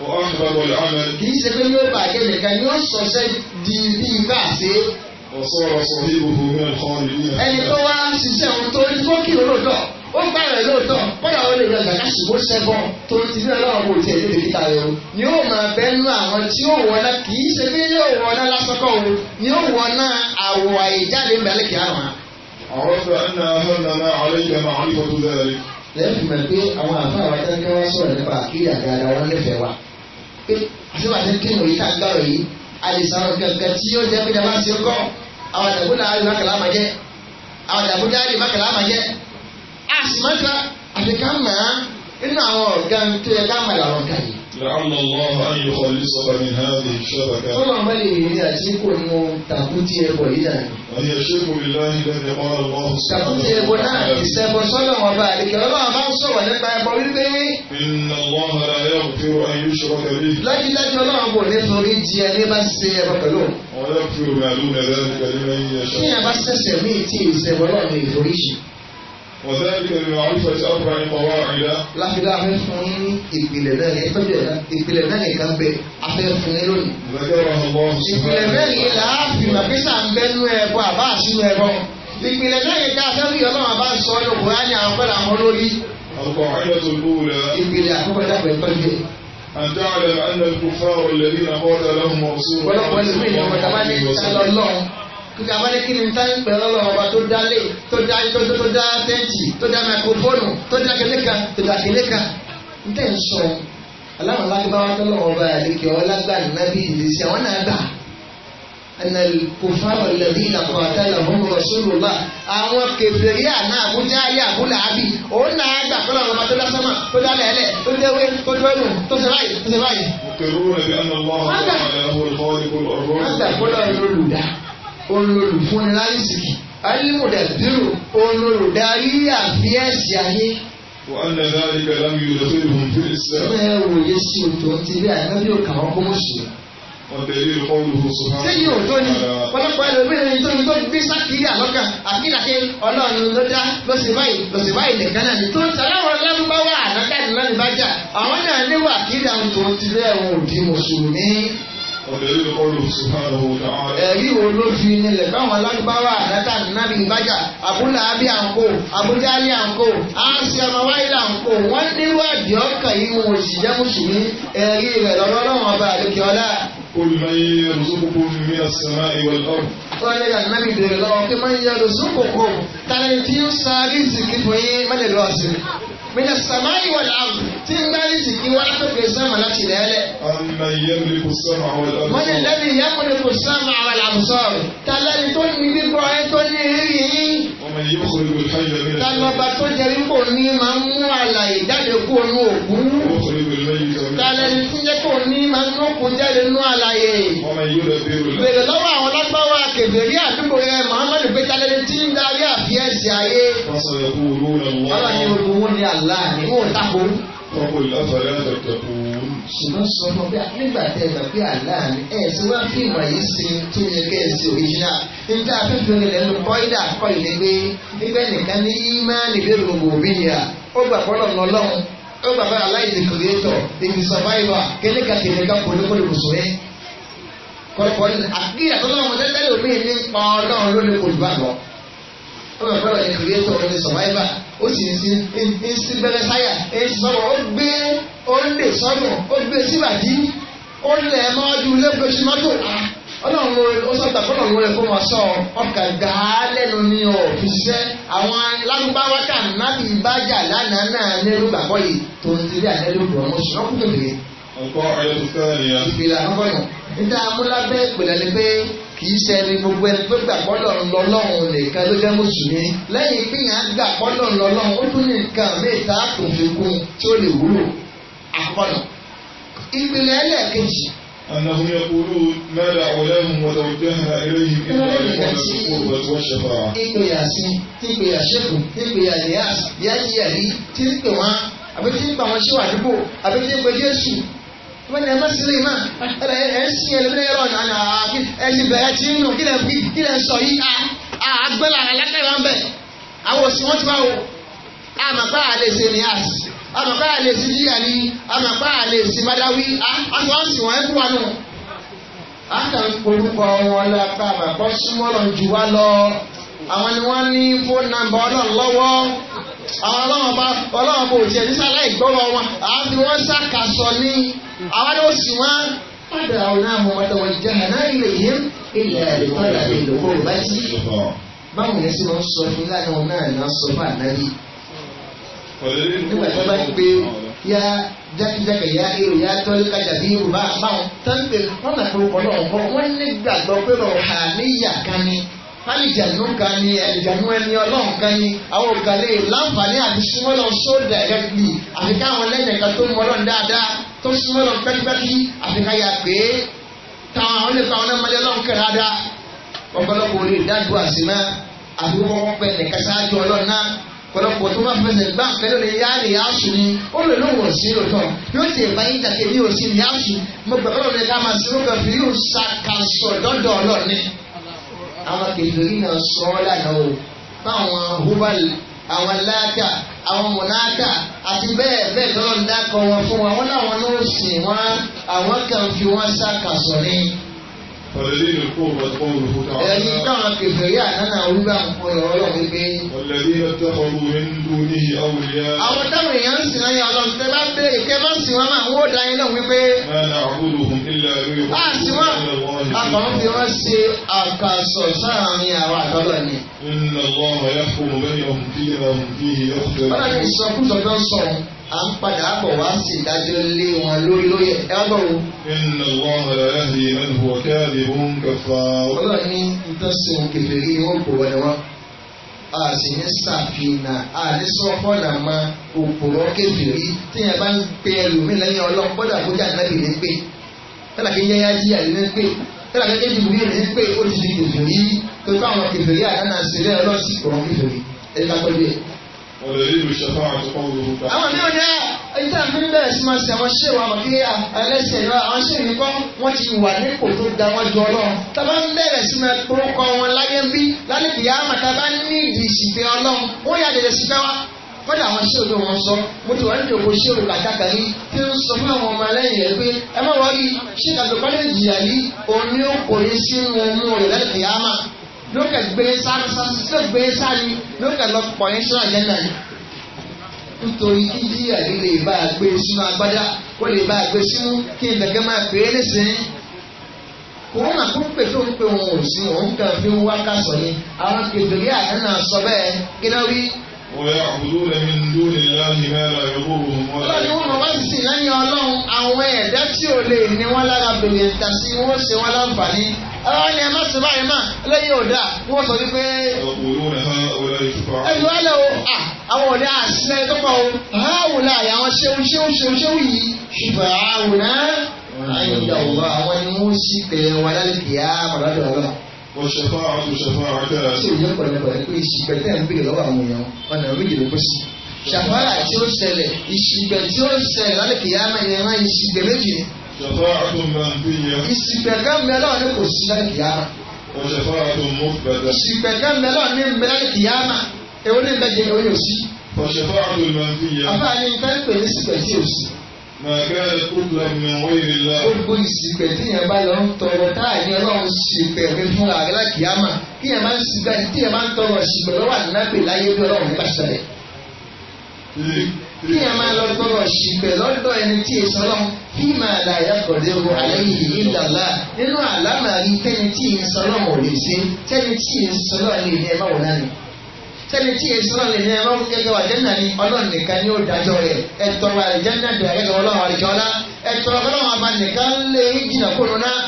kì í ṣe pé yóò bàjẹ́ nìkan ni ó sọ̀ṣẹ́ di bí ibà ṣe. ẹni tó wá ṣiṣẹ́ ohun tó ní kó kí olóòótọ́ ó gbà rẹ̀ lóòótọ́ kódà ó lè rẹ̀ gàdá ṣùgbọ́n ṣẹ́gun tó ti ní ọlọ́run kò tiẹ̀ lè kíta rẹ̀ o. ni ó máa bẹ́nu àwọn tí ó wọná kì í ṣe pé yóò wọná lásọkọ̀ o ni ó wọná àwọ̀ àìjáde mẹ́lẹ̀kì àwọn. àwọn fẹ́ ẹ̀nà ẹ̀nà àlẹ́ ìjọba àríkọ̀tún bẹ́ẹ̀ rí. lẹ́yìn fún mi pé àwọn àfáà wa tẹ́lẹ̀ kí wọ́n sọ̀rọ̀ nípa àkíyà pé àṣewàṣe kírun yìí tàbí gbàrò yìí àìsàn kankan tí yóò jẹ́ pé dàbá ṣe kọ́ àwọn àdàbò náà rí mákàlá máa jẹ́ àwọn àdàbò náà rí mákàlá máa jẹ́ àṣìmọ́ta àti ká mọ̀ á nínú àwọn ọ̀gá tó yẹ ká mọ̀ làwọn ọ̀gá لعل الله أن يخلصك من هذه الشبكة وهي الشرك بالله الذي قال الله سبحانه وتعالى إن الله لا يغفر أن يشرك به ويغفر ما دون ذلك لمن يشاء وذلك بمعرفة أربع قواعد láfíà fẹ́ fún ìpìlẹ̀ náà yẹn tọ́jú ẹ̀dá ìpìlẹ̀ náà yẹn kan bẹ afẹ́ fún yín lónìí. ìpìlẹ̀ náà yẹn là á fi màfísà ń bẹ́ nú ẹ̀bọ àbá àṣínú ẹ̀bọ. ìpìlẹ̀ náà yẹn ká sẹ́fì ọlọ́run àbá sọ ọ́ lóko á ní àwọn pẹ̀lú àwọn olórí. ìpìlẹ̀ àkọ́kọ́ dàgbẹ́ tọ́jú ẹ̀. أن تعلم أن الكفار الذين قال لهم رسول الله صلى الله عليه وسلم kìkà bá ní kí ni tá ń pè lọ́rọ̀ ọba tó dá lé tó dá tó tó dá bẹ́ǹchì tó dá máikrófóònù tó dá kẹlẹ́kà tó dá kẹlẹ́kà ń tẹ̀ ń sọ aláwọ̀ lágbára tó ọba àlekè ọ́ lágbára nàbí ìdísí àwọn náà gbà ẹnà kòfàrọ̀ lẹ́bí ìlàkọ̀ àtàlẹ̀ ọ̀hún Rasulullah àwọn kèfèrí àná àbújá ayé àbúlà ábí òun náà gbà fọlọ́ ọba tó dá sọ́mà tó dá lẹ́lẹ̀ tó dẹ́wé tó dẹ́nu tó ṣe báyìí tó ṣe báyìí. òkèrú rẹ̀ bí ẹnu ọlọ́run ọ̀rọ̀ ọ̀rọ̀ ọ̀rọ̀ ọ̀rọ̀ ọ̀rọ̀ ọ̀rọ̀ olùfúnni lárísìkì alimudẹ bírò olùdarí àfíẹ́sì ayé. wọ́n lè dá ibẹ̀ lámì yóò lọ́sẹ̀ ìlú fún ìṣẹ́. bẹ́ẹ̀ wòye sí òjò ti rí àyíká bí òkà wọn kó mọ̀ sí i. wọ́n tẹ̀lé ìkọ́ olùkóso náà. sẹ́yìn òótọ́ ni pọ́npọ́n ẹlòmíràn tó ní tó gbé sákìrì àlọ́kà àkínàkẹ́ ọlọ́run ló dá lọ́sẹ̀ báyìí lọ́sẹ̀ báyìí nìkan náà ni tó ń sara wọn lárúbáwá àná àwọn náà Ọ̀dẹ̀lẹ́lẹ́ kọlù subhanahu wa ta'ala. Ẹ̀rí wo ló fi nílẹ̀ báwọn lágbára àdáta nàbí ìbájà, àbúlà àbí àǹkó, àbújálì àǹkó, àṣẹ ọmọ wáyé àǹkó, wọ́n níwádìí ọkàn yìí wọn òṣìṣẹ́ mùsùlùmí, ẹ̀rí rẹ̀ lọ́lọ́rùn ọba àdókè ọlá. Olùmọ̀yé Rùsùkùkù mi àṣàmá ìwà lọ́rùn. Wọ́n yà nàbí bèrè lọ́wọ́ pé máa ń yẹ Rùsùkùkù, tàbí tí ń sa rízìkì fún yín mẹ́lẹ̀ mina samaayi wal ard tí ń gbá yìí kí wọ́n látòkè sánmà láti lẹ́lẹ̀. ọ̀nà yẹn lè kó sánmà àwọn àbùsọ̀rọ̀. wọ́n ní lẹ́bi yẹ́kùn lè kó sánmà àwọn àbùsọ̀rọ̀. tàlẹ́ni tó ní gbígbọ́ ẹ tó ní rírì yín. ọmọ yìí kò lè wọlé ayé rẹ. tàlọ́ba tó jẹ wípé òní máa ń mú àlàyé jáde kó onú òkun. tàlẹ́ni tó jẹ́ kó òní máa ń mọ́kùn jáde nú àlàyé. ọmọ yìí rẹ̀ bẹ̀rẹ̀ lọ́wọ́ àwọn lágbáwá kèbèrè àdúgbò yẹn Muhammadu gbé tàlẹ́ni tí ń darí àfiyèsí ayé. فسيقولون الله ọlọ́run ni Allah ni ó tako. ọkọ̀ ìlàfàlẹ́ àtàkùn. ṣùgbọ́n sọ fún bí nígbà tẹ ẹ̀gbà pé Allah ni ẹ̀ ṣe wá fi ìmọ̀ yìí sí tó yẹ kẹ́ ẹ̀ sí òrìjìnà. níta fífi orin lẹ́nu bọ́ìdà kọ́ ilé gbé nígbà nìkan ní ìmáàlì bẹ́ẹ̀ gbogbo òbí ni à ó gbà fọ́lọ́ ọlọ́run ó gbà àkíyà tó lọ́wọ́ tẹ́tẹ́lẹ̀ òmíì ní pa ọlọ́run ló lè kó bá lọ ó mọ̀ fẹ́ràn ní creator ní survivor ó sì ń sin ń sin bẹ́rẹ̀ sáyà ń sọ̀rọ̀ ó gbé ó lè sọ̀rọ̀ ó gbé e síbàdí ó lẹ̀ mọ́jú lẹ́gbẹ̀ẹ́sì mọ́tò ọlọ́run ó sábà fọ́nà òun rẹ̀ fún wọn sọ ọkà gbà á lẹ́nu ní òfin ṣiṣẹ́ àwọn lágbáwá kà nábì bájà lánàá náà lẹ́rú gbàgbọ́ yìí tó ń tilé àlẹ́lùkù ọmọ ṣùgbọ́n kúndùn bèèrè. ọkọ ayélujára ni a. ìpìlẹ̀ àkọ́kọ́ yẹn níta amúlábẹ́ ìpìlẹ̀ ni pé kìí ṣẹni gbogbo ẹni pé gbàgbọ́ lọ́run lọ́lọ́run nìkan ló jẹ́ mùsùlùmí lẹ́yìn pínyàn gbàgbọ́ lọ́run lọ́lọ́run ó tún ní nǹkan mẹ́ta kò fi kún tí ó lè wúlò àkọ́nà. ìpìlẹ̀ ẹlẹ́ẹ̀kejì. أنهم يقولون ما لا علام ولو جهل إليهم إلا إخوان القربة والشفاعة. Ìpè Yasin, ìpè Yasheku, ìpè Yanias, Yaniyari, tí ń pè wọ́n, wọ́n lè mọ́sí lè máa ẹ̀ ń sin ẹlòmínà ẹ̀rọ ọ̀nà ẹ̀sìn bẹ̀rẹ̀ tí ń nù kí lè sọ yìí àgbẹ̀là alákàrà ń bẹ̀ àwọn òsì wọ́n ti bá wò àmàpá àlè ṣe ní àṣì àmàpá àlè ṣe yíyà ní àmàpá àlè ṣe bádáwí àmọ́ ọ̀sìn wọn ẹ̀kú wa nù. a kàn ń polúkọ wọn lápá àmàpọ̀ súnmọ́ lọ ju wá lọ àwọn ni wọ́n ní fóònù nàmbà ọlọ́run lọ́wọ́ àwọn ọlọ́run bá ọlọ́run bò tiẹ̀ ní sálẹ̀ ìgbọ́rọ̀ wọn àwọn ni wọ́n ṣàkàsọ ní àwọn ni ó sì wọ́n padà àwọn náà mọ̀ wọ́n wọ́n jẹ́ àná ilé yìí ilẹ̀ ìtọ́jà lè lò kó bá jí. báwo ni sí wọn sọ fún láàrin wọn náà náà sọ fún ànábì. nígbà wọ́n bá gbé yá jákèjákè yá èrò yá tọ́lé kájà bí yorùbá àbáwọn tán pé wọ́n nà alìjànú kan ni ẹ̀jànú ẹni ọlọ́run kan ni àwọn òkàlẹ̀ láǹfààní àti súnmọ́lọ́ so directly àfi káwọn lẹ́yìn ẹ̀ka tó mọ́ lọ́n dáadáa tó súnmọ́lọ́ pẹ́kípẹ́kí àfi ká yà pé táwọn àwọn olùkọ́ àwọn ọmọdé ọlọ́run kẹ́ dáadáa ọ̀pọ̀lọpọ̀ olè dájú àsìmá àfi wọ́n pẹ́ ẹ̀ka sáájú ọlọ́run náà pọ̀lọpọ̀ tó bá fẹsẹ̀ gbá pẹ̀lú ní yáàlì yáàsù ni ó lè lóhùn òsì lòtọ yóò ti bá yín dàkẹ́ bí òsì ní yáàsù mo gbàgbọ́ lórí ká máa sinú kan fi yóò sa kà sọ dọ́dọ̀ ọlọ́ọ̀ni àwọn kèfèrí náà sọ ọ́ lànà o fáwọn hubal àwọn láàkà àwọn mọ̀nàkà àti bẹ́ẹ̀ bẹ́ẹ̀ lọ́lọ́ ń dákọ̀ wọn fún wa wọn láwọn náà sì wọ́n àwọn kan fi wọ́n sá ní. والذين كفروا قوله تعالى الذين كفروا يا انا اولى ọlọ́run pé. ọ̀lẹ́dí ọ̀tẹ́kọ̀ọ́rù mi ń lu ní àwùjá. àwọn táwọn èèyàn ń sìn lẹ́yìn ọlọ́run tẹ bá béèrè kẹ bá sìn wọn máa ah, ń wó dání náà wípé. mẹ́rin àbúrò wọn. a sì fi wọ́n ṣe àkàsọ̀ sáàárín àwọn àgbàlọ́ ni. ìnáwó ọ̀yà fún mi bẹ́ẹ̀ à ń padà bọ̀ wá sí ìdájọ́ lé wọn lórí lórí ẹ wá gbọ́n. inna Allaha la yahdi man huwa kadhibun kaffar. ọlọ́run ní ìtọ́sí òun kẹfẹ́ rí wọn kò wọlé wọn a sì ní ṣàfihàn a ní sọ́fọ́nà mọ òpòrọ́ kẹfẹ́ rí tíyẹn bá ń pe ẹlòmíì lẹ́yìn ọlọ́run gbọ́dọ̀ àbújá nábì ní pé tẹ́lá kí yẹ́yá jíyà ní pé tẹ́lá kí kéjì wúlò ní pé ó ti di kẹfẹ́ tó fáwọn kẹfẹ́ rí àdánà sílẹ̀ ọlọ́sìn kọ̀ọ̀ kẹfẹ́ ẹ̀ Àwọn mìíràn ní ẹ̀yìn tí a fi bẹ̀rẹ̀ sí máa ṣe àwọn ṣé wa mọ̀ kí ẹlẹ́sẹ̀ ìlú àwọn ṣé ìlú kan wọ́n ti wà ní kò tó da wọ́n ju ọlọ́run. Tàbá ń bẹ̀rẹ̀ sí máa kórókọ wọn láyé ń bí lálẹ́kì yá àmà tàbá ní ìdí ìṣìfẹ́ ọlọ́run. Wọ́n yà dẹ̀dẹ̀ sí fẹ́ wa. Kọ́dà àwọn ṣé olú wọn sọ, mo ti wà ní ìdòkò ṣé olú làjàkà ní tí ń sọ fún àwọn ọmọ ẹlẹ́yìn rẹ̀ pé ẹ ló kẹ̀ gbé sáré sáré ló gbé sáré ló kẹ̀ lọ pọ̀ yẹn sínú àjẹ́dà yìí nítorí kí yíyà yìí lè bá a gbé sínú agbádá kó lè bá a gbé sínú kí n gẹ́gẹ́ máa pè é nísìnyí kòrónà tó ń pè tó ń pè wọn ò sí wọn ń kàn fi ń wá kásọ̀ ni àwọn kèfèrí àná sọ bẹ́ẹ̀ kí náà wí. Wọ́yá àbúrò rẹ̀ mi ń dúró ní láti mẹ́ra ìyókù wọ́n. Ọlọ́run ni wọ́n mọ̀ wọ́n sì lẹ́yìn Ọlọ́run àwọn ẹ̀dá tí ò lè ní wọ́n lára bèrè ìtàsí wọ́n ṣe wọ́n láǹfààní àwọn ni ẹ má sùn báyìí máa lẹ́yìn ọ̀dà ni wọ́n sọ wípé. ẹnu ẹlẹ o àwọn ọ̀dà àṣìlẹ̀ tó pa o háwùlà àwọn ṣéwù ṣéwù ṣéwù ṣéwù yìí ṣùgbọ́n àwùnà àyìnbá òwúrọ̀ àwọn ni wọ́n sì bẹ̀rẹ̀ wọn lálẹ́ bíyà màdàdà ọ̀rọ̀. وشفاعة شفاعة ṣé òye pẹ̀lẹ́ pẹ̀lẹ́ pé ìṣìgbẹ́ tẹ́ ń bèrè lọ́wọ́ àwọn èèyàn ọ̀nà méjì ló pèsè ṣàfárà tí ó ṣẹlẹ̀ ìṣìgbẹ́ tí ó ṣẹlẹ̀ lálẹ́ kìyàmẹ́ yẹn máa ń ṣìgbẹ́ méjì ni. Ṣẹ̀fọ́ àtúmọ̀ bí yẹn. Ìsìnkẹ̀kẹ́ mẹ́lọ́ ni kò sí lẹ́yìn kìyàmà. Wọ́n ṣẹ̀fọ́ àtúmọ̀ bẹ̀rẹ̀. Ìsìnkẹ̀kẹ́ mẹ́lọ́ ni mẹ́lẹ́ kìyàmà. Èwo ni ìbẹ̀jẹ̀ èwo yóò sí? Wọ́n ṣẹ̀fọ́ àtúmọ̀ bí yẹn. Àbáyé ìfẹ́ pè ní kí ẹ máa lọ gbọ́rọ̀ ṣìgbẹ̀ lọ́dọ̀ ẹni tí ì sọ́lọ́ fíìmà àdáyà kọ̀dé ro àlẹ́yìn yìí lọ́la nínú àlámàrí tẹ́ni tí ì sọ́lọ́ ò lè ṣe tẹ́ni tí ì sọ́lọ́ lè ní ẹ̀mọ́ wọn náà tẹ́ni tí ì sọ́lọ́ lè ní ẹ̀mọ́ gẹ́gẹ́ wà jẹ́nà ni ọlọ́run nìkan ni ó dájọ́ rẹ̀ ẹ̀tọ́ wà jẹ́nà dẹ̀ ẹ̀rọ ọlọ́run àríkọ́lá ẹ̀tọ́ ọlọ́run àbá nìkan lè jìnà kúrò náà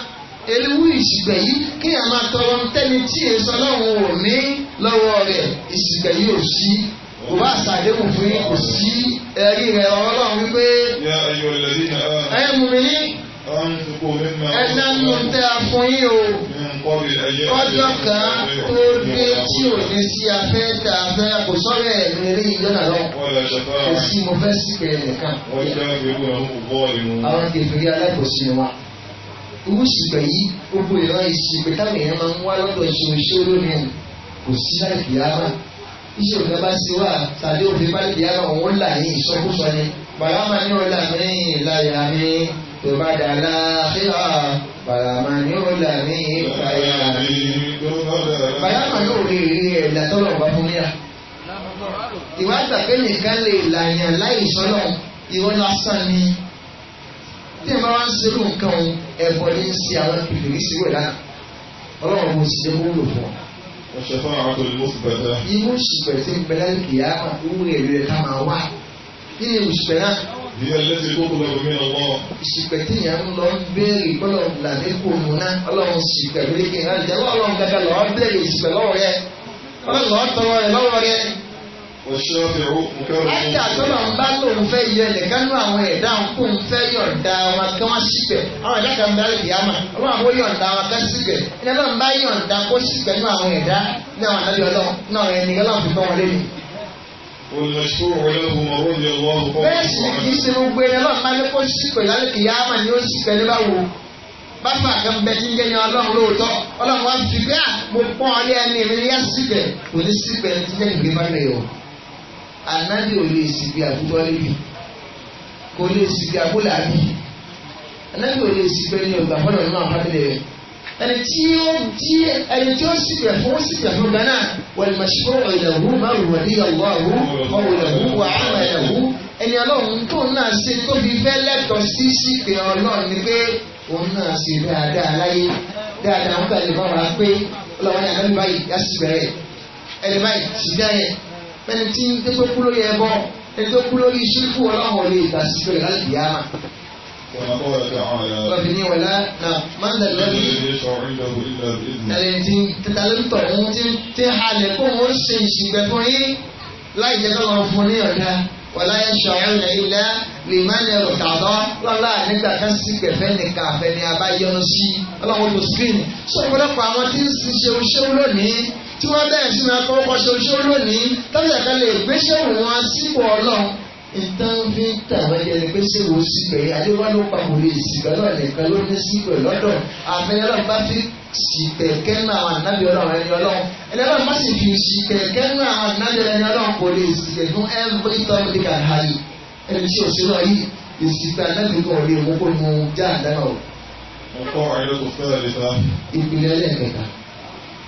ewu ìṣìgbẹ̀ yìí kí ẹ máa tọrọ tẹ́ni tí ì sọ́lọ́ ò ní lọ́wọ́ rẹ̀ ìṣìgbẹ̀ kò bá ṣàdéhùn fún yín kò sí ẹ̀rí rẹ̀ ọlọ́run wípé ẹ mú mi ní ẹ̀dá nù tẹ́ a fún yín o ọjọ́ kan tó dé tí ò ní sí afẹ́ tá a fẹ́ kò sọ́rọ̀ ẹ̀ ní eré ìjọ náà lọ kò sí mo fẹ́ sí pé ẹnìkan àwọn kèfèrí aláìkòsí wa irú ìsìgbẹ̀ yìí gbogbo ìran ìsìgbẹ̀ táwọn èèyàn máa ń wá lọ́dọ̀ ìṣòro ìṣòro ni kò sí láì fìyà náà iṣẹ́ òfin bá ṣe wà tàbí òfin bá lè yára òun là ní ìṣọ́kúsọ ni bàrámà ní ọ̀la mi ìlàyà mi tòbá dàlá fíà bàrámà ní ọ̀la mi ìfàyà mi. bàrámà ní òwe rí ẹ̀dá tọ́lọ̀ bá fún mi rà. ìwà àtàkẹ́ nìkan lè làyàn láì sọ́lọ̀ ìwọ lásán ni. bí ẹ máa ń ṣerú nǹkan ẹ̀bọ̀ ní ṣe àwọn ìpìlẹ̀ ìṣirò ìlànà ọlọ́run mo sì dé kó wúlò fún ọ. والشفاعة المثبتة يمشي بسيب بلال القيامة يقول يا كما هو إيه مش هي التي تطلب من الله ìṣìpẹ̀tì yẹn lọ béèrè kọ́lọ̀ làdé kò múná ọlọ́run ṣìpẹ̀ lórí kí jẹ́ ọlọ́run kankan lọ́ọ́ béèrè ìṣìpẹ̀ rẹ̀ ọlọ́run lọ́ọ́ rẹ̀ lọ́wọ́ rẹ̀ ẹ̀dà tọ́lọ̀ ń bá lóun fẹ́ yọ ẹ̀lẹ̀kánú àwọn ẹ̀dá kó ń fẹ́ yọ̀ǹda wọn kí wọ́n síbẹ̀ àwọn ẹ̀dá kan bá lè yàmà wọ́n máa wọ́n yọ̀ǹda wọn kán síbẹ̀ ẹ̀dá náà ń bá yọ̀ǹda kó síbẹ̀ nú àwọn ẹ̀dá ní àwọn àdájọ́ ọlọ́run náà ẹni ọlọ́run fi bọ́ wọn lẹ́nu. bẹ́ẹ̀ sì bàbá kan bẹ tí ń jẹ́ ní ọlọ́run lóòótọ́ ọlọ́run wá fi bẹ́ẹ̀ mo pọ́n ọ lé ẹni mi yá síbẹ̀ kò ní síbẹ̀ tí ń jẹ́ ìgbé máa ń lè yọ̀ ànábì ò lè sì bí àbúgbọ́ níbi kò lè sì bí abúlé àbí ànábì ò lè sì bẹ́ẹ̀ ní ọgbà fọ́nà nínú àpáńdé rẹ̀ ẹni tí ó di ẹni tí ó sì bẹ̀ fún ó sì bẹ̀ fún gánà wọ̀lì màṣíkọ́ ìlẹ̀hú máa wù wọ̀lì ọ̀wọ́ àwù ọ̀wọ̀ ìlẹ̀hú wà áwọ̀ ìlẹ̀hú ẹni ọlọ́run tó náà ṣe tó fi fẹ́ lẹ́tọ̀ọ́ sí sí pé ọlọ́run ni pé òun náà ṣe dáadáa láyé dáadáa ń gbà lè bá wa pé ọlọ́run yàrá mi báyìí yá sì bẹ̀rẹ̀ ẹni sì dáyẹ̀ ẹni tí ń tó kú lórí ẹbọ ẹni tó kú lórí ṣíkú ọlọ́run lè gbà sí pẹ̀lú láti yá mà. Wọ́n fi ní wọ̀lá náà máa ń dàgbà ní ẹni tí tẹ̀tà ló ń tọ̀ òun ti ń tẹ́ halẹ̀ kó òun ṣe ìṣìgbẹ́ fún yín láì jẹ́ kọ́ lọ fún ní ọ̀dà wọ́lá yẹn ṣọ̀rọ̀ ilẹ̀ ilẹ̀ lèmánì ẹ̀rọ tààdọ́ lọ́la nígbà kan sí kẹfẹ́ nìkan àfẹ́ni abáyọ́nu sí ọlọ́run ló screen sọ ìpọ́lọpọ̀ àwọn tí ń sin ṣeúṣeú lónìí tí wọ́n bẹ̀rẹ̀ sí máa kọ́kọ́ ṣeúṣeú lónìí tọ́jà kan lè gbéṣẹ́ wọn sípò ọlọ́run ìtànfí tàbẹ̀yẹ pé ṣé wo síbẹ̀ yìí adéwà ló papò lè síbẹ̀ náà nìkan ló ní síbẹ̀ lọ́dọ̀ àfẹ́yẹ́ lọ́n bá fi sìtẹ̀kẹ́ náà àwọn ànábì ọlọ́run ẹni ọlọ́run ẹni ọlọ́run bá sì fi sìtẹ̀kẹ́ náà àwọn ànábì ẹni ọlọ́run kò lè sìtẹ̀ fún every time they can have you ẹni tí òṣèlú ayé ìsìtẹ̀ ànábì kan ò lè mú kó nu jáàdá náà. ẹ̀kọ́ àyẹ̀lẹ́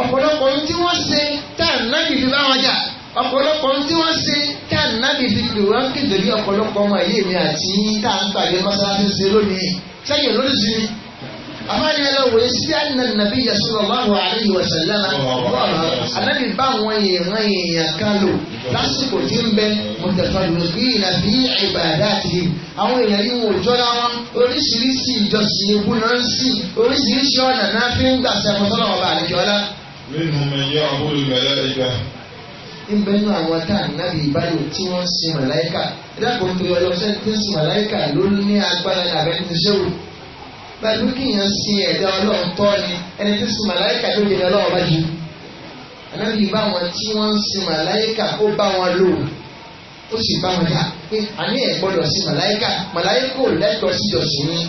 ọ̀pọ̀lọpọ̀ ohun tí wọ́n ṣe tá ànábì fi bá wọn jà ọ̀pọ̀lọpọ̀ ohun tí wọ́n ṣe tá ànábì fi lù wọ́n kékeré ọ̀pọ̀lọpọ̀ ọmọ ẹ̀yẹ mi àti tá à ń pàdé mọ́sálásí ṣe lónìí sẹ́yìn lóríṣi ni. àfáàní ẹ lọ wò ó sí àná nàbí sallallahu alaihi wa sallam ànábì bá wọn èèyàn èèyàn kan lò lásìkò tí ń bẹ mọ̀tẹ̀fàlùfínà bí ìbàdà àti ìlú. àwọn èèyàn yìí wò jọra wọn oríṣiríṣi ìjọsìn ewu náà ń sìn oríṣiríṣi ọ̀nà náà fi منهم من يعبد الملائكة ń bẹ nínú àwọn tá ànábì ìbáyò tí wọ́n ń sin màláìkà ìdáàbò tó yọ ọlọ́sẹ́ tí ń sin màláìkà ló ní agbára ní abẹ́ ní sẹ́wò pẹ̀lú kí yẹn sin ẹ̀dá ọlọ́run tọ́ ni ẹni tí ń sin màláìkà ló yẹ ọlọ́run bá jù ànábì bá wọn tí wọ́n ń sin màláìkà ó bá wọn lò ó sì bá wọn dà pé àní ẹ̀ gbọ́dọ̀ sin màláìkà màláìkà ò lẹ́tọ̀ọ́ sí ìjọsìn yín.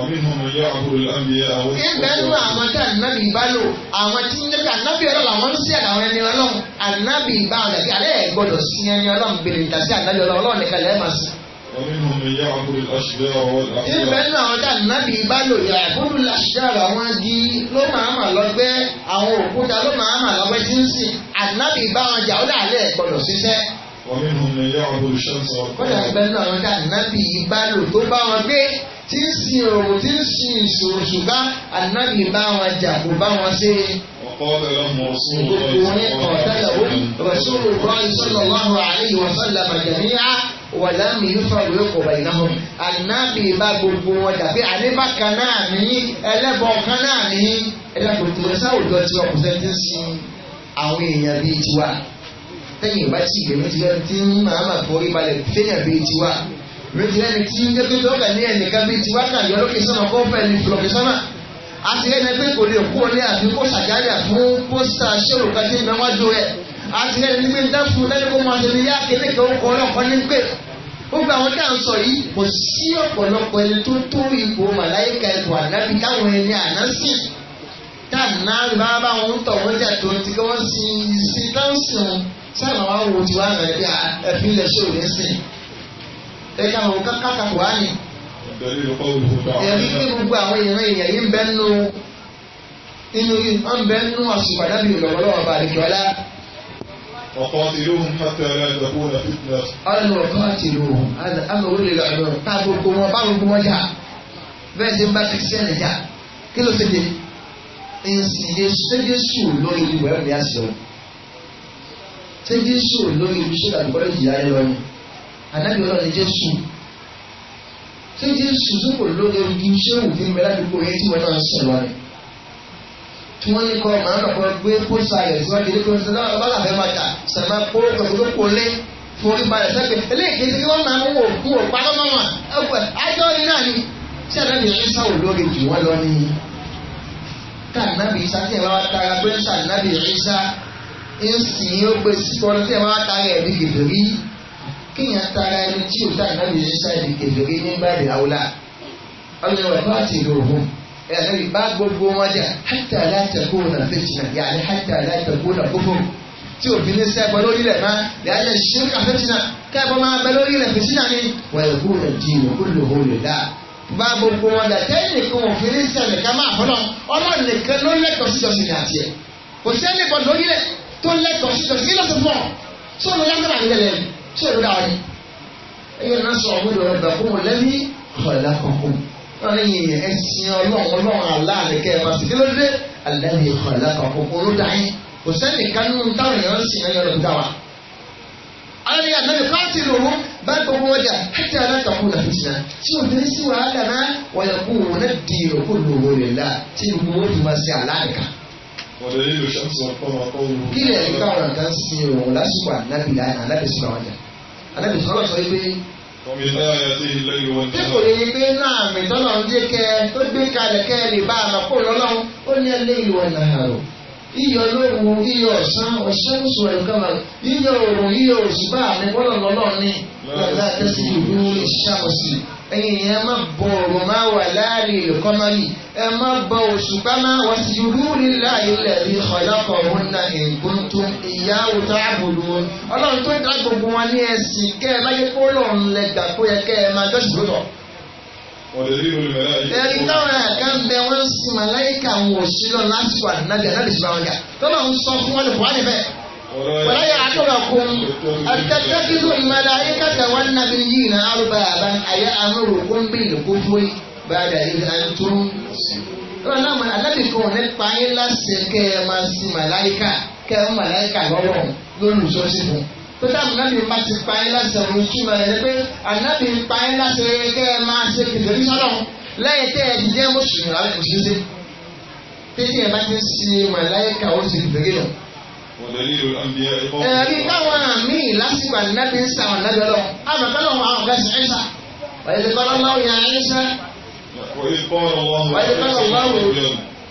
Ọ̀mínú yá àbúrò lábíyá àwọn ìṣẹ́. Ẹgbẹ́ nínú àwọn tí ànábì bá lò, àwọn tí ń lẹ́kà ànábì ọlọ́run àwọn ń sí àwọn ẹni ọlọ́run, ànábì bá ọ̀nà kí alẹ́ gbọ́dọ̀ sí ẹni ọlọ́run bèrè ìdá sí ànábì ọlọ́run nìkan lẹ́ẹ̀ máa sí. Ọ̀mínú àwọn tí ànábì bá lò yà àbúrò láṣìbẹ́ àwọn agi ló máa mà lọ́gbẹ́, àwọn òkúta ló máa mà lọ́gbẹ́ tí ń sìn, ànábì bá wọn jà ó dà ومنهم من يعبد الشمس والقمر. kódà ẹgbẹ́ náà wọn ká ànábì ìbálò tó bá wọn gbé tí ń sin òòrùn tí ń sin ìṣòro ṣùgbọ́n ànábì bá wọn jà kó bá wọn ṣe. وقال لهم رسول الله صلى الله عليه وسلم رسول الله صلى الله عليه وسلم جميعا wàlámì yúfàlù ẹ̀kọ́ bàyìnàhùn ànábì bá gbogbo wọn dàbí àníbà kan náà ní ẹlẹ́bọ̀ kan náà ní ẹlẹ́bọ̀ tó ń sáwùjọ tí wọn kò sẹ́ńtì sí àwọn èèyàn bíi tiwa tẹ́yìn bá tí ìgbẹ̀mí ti lẹ́nu tí ń máa máa forí balẹ̀ tẹ́yìn bíi tiwa mi ti lẹ́nu tí ń jẹ́ pé tọ́ka ní ẹnìkan bíi tiwa kà yọ lókè sọ́nà kó fẹ́ ní lókè sọ́nà a ti lẹ́nu pé kò lè kú ọlé àfi kó sàgáyà fún pósítà ṣòro kan tí rẹ̀ a ti lẹ́nu ń dá fún kó máa tẹ̀lé yá kékeré ọkọ̀ ọlọ́kọ̀ ní pé gbogbo àwọn tá à ń sọ yìí kò sí ọ̀pọ̀lọpọ̀ ẹni tó tó ipò màláìka ipò ànábì káwọn ẹni àná sí táà náà bá wọn tọ̀ wọ́n jà tó ti kí wọ́n sin ìsìn táwọn wọn sáyẹn àwọn awo ti wá rẹ̀ bí ẹ̀fín lẹ̀ ṣe òye sìn ẹ̀ka àwọn kákàkà wá ní. ẹ̀rí ní gbogbo àwọn ìran èèyàn yìí ń bẹ́ nù inú yìí ń bẹ́ nù àṣùpàdà bíi ìrọ̀lọ́wọ́ bàdìkọ́lá. وقاتلوهم حتى لا تكون فتنة قال وقاتلوهم هذا أمر للعلوم تعبكم وبعضكم وجع bẹ́ẹ̀ ṣe ń bá kristiani jà kí ló ṣe dé ẹ̀sìn yéṣu lórí ìwé ẹ̀mí àṣẹ ọ̀hún ṣé jésù lórí iṣu tàbí kọ́lẹ́jì ìyá ẹ lọ ni ànábì ọlọ́run jésù ṣé jésù tó kò lórí iṣẹ́ òfin mẹ́lá ní kò yẹn tí wọ́n náà sìn lọ ni tí wọ́n ní kọ́ màá nà kọ́ gbé kó sayọ̀ síwájú ilé kọ́ sẹ́nà ọlọ́run àfẹ́ máa tà sẹ́nà kó kọ̀ọ̀kọ̀ kó lé forí balẹ̀ sẹ́pẹ̀ eléyìí tí wọ́n máa ń wò kú ò pa lọ́mọ́ wọn ẹgbẹ́ ajọ́ iná ni tí ànábì ìṣá ò lórí jù wọ́n lọ ni ká ànábì ìṣá tí ẹ̀ wá tara pé ń sà ànábì ìṣá ìsìn ó gbé sọ́nà tí ẹ máa tara ẹ̀ ní kèfèrí kíyàn tara ẹni tí ò tá ìnáwó yìí ṣáà di kèfèrí ní báyìí àwòlá ọlọ́run rẹ̀ bá ti lò wọ́n ẹ̀ lórí bá gbogbo wọn jà hátà látàkó nà fẹ́tìnà yàrá hátà látàkó nà kókó tí òfin ní sẹ́gbọ́ lórí rẹ̀ máa yàrá ṣe é kàfẹ́tìnà kẹ́gbọ́ máa bẹ lórí rẹ̀ fẹ́tìnà ni wẹ̀rẹ̀kú rẹ̀ di ìwòkúlòwò rẹ̀ wọn jà tẹ́ẹ̀nìkan òfin ní máa fọ́nà ọlọ́run nìkan ló lẹ́tọ̀ọ́ síjọ́sìn àti ẹ̀ kò sẹ́ẹ̀nìkan lórí rẹ̀ tó lẹ́tọ̀ọ́ sí tẹ̀sí kí ló ti pọ̀ sí òun lágbára ní tẹ̀lé sí òun dáa ni. ẹyẹ náà sọ ọmọdé rẹ bẹ fún wọn lẹ́bí ọ̀la kankan náà lẹ́yìn ẹ̀sìn ọlọ́run ọlọ́run aláàlẹ́ kẹ́ ẹ máa sì kí ló dé aláàlẹ́ ọ̀la kankan ló dá yín kò sẹ́nìkan nínú táwọn èèyàn ń sìn ẹ̀yọ́ wa. àwọn èèyàn náà fáti lòun bá gbogbo wọn jà hẹ́tì alákàkùn náà fi sinà tí obìnrin sì wàhálà náà wọ̀nyẹ̀kùn wọn náà di ìrọ̀kùn lòun rẹ̀ la tí gbogbo wọn ودليل الشمس والقمر قوله kí lè rí káwọn nǹkan sin òun lásìkò ànábì láyà ànábì sọ̀rọ̀ ọjà ànábì sọ̀rọ̀ sọ pé. Omi náà yẹ sí ilé ìwọ ní. Bí mi tọ́lọ̀ ń dé kẹ́ tó gbé kalẹ̀ kẹ́ lè bá àmọ́ kó lọ́lọ́run ó ní ẹlẹ́yìn wọn náà rò iyọ lóru iyọ ọ̀sán ọ̀sán sùn ẹ̀kọ́mà iyọ òrùn iyọ òṣùpá àmì bọ́lọ̀ lọ́lọ́ ni lọ́dà tẹ́sí ìlú ìṣàmùsì ẹ̀yìn ẹ̀ má bọ̀ ọ̀rọ̀ má wà láàrin ìkọ́mọ́rì ẹ̀ má bọ̀ òṣùpá má wà sí ìlú nílá ilẹ̀ rí ọ̀lọ́kọ̀ òun na nǹkan tó ìyá òótọ́ àbòrò ọlọ́run tó ń dá gbogbo wọn ní ẹ̀sìn kẹ́ Ẹ̀rí táwọn ẹ̀ka ń bẹ wọ́n sí màláìka wọn ò sí lọ lásìkò ànábì ànábì sí báwọn gà. Tọ́lá ń sọ fún wọn lè wá níbẹ̀. Wọ́n yà á tóra kún. Àtẹ̀tẹ̀kìlú màláìka tẹ̀ wọ́n nàbí yìí nà àrùbá àbá àyà àmúrò kún bí nìkú fún bàdà ìlà tó ń sí. Tọ́lá náà mọ̀ ànábì kan nípa ayé lásìkò kẹ́ ẹ máa sí màláìka kẹ́ ẹ màláìka lọ́wọ́ lónìí sọ́sìn fún pété ànábì má ti pa ẹ́ láti ẹ̀rù ìtumọ̀ rẹ̀ pé ànábì pa ẹ́ láti ẹ̀rù kẹ́ ẹ máa ṣe kìdìrí sọ́dọ̀ lẹ́yìn tẹ́ ẹ jíjẹ́ mùsùlùmí rárá kò ṣeé ṣe pété ẹ bá ti ṣe màláyíkà ó ti kìdìrí nù. ẹ̀rí káwọn àmì lásìkò ànábì ń sàwọn ànábì ọlọ́run àbàkálọ̀ àwọn ọ̀gá ti ẹ̀ṣà wàyẹ̀lẹ̀ kọ́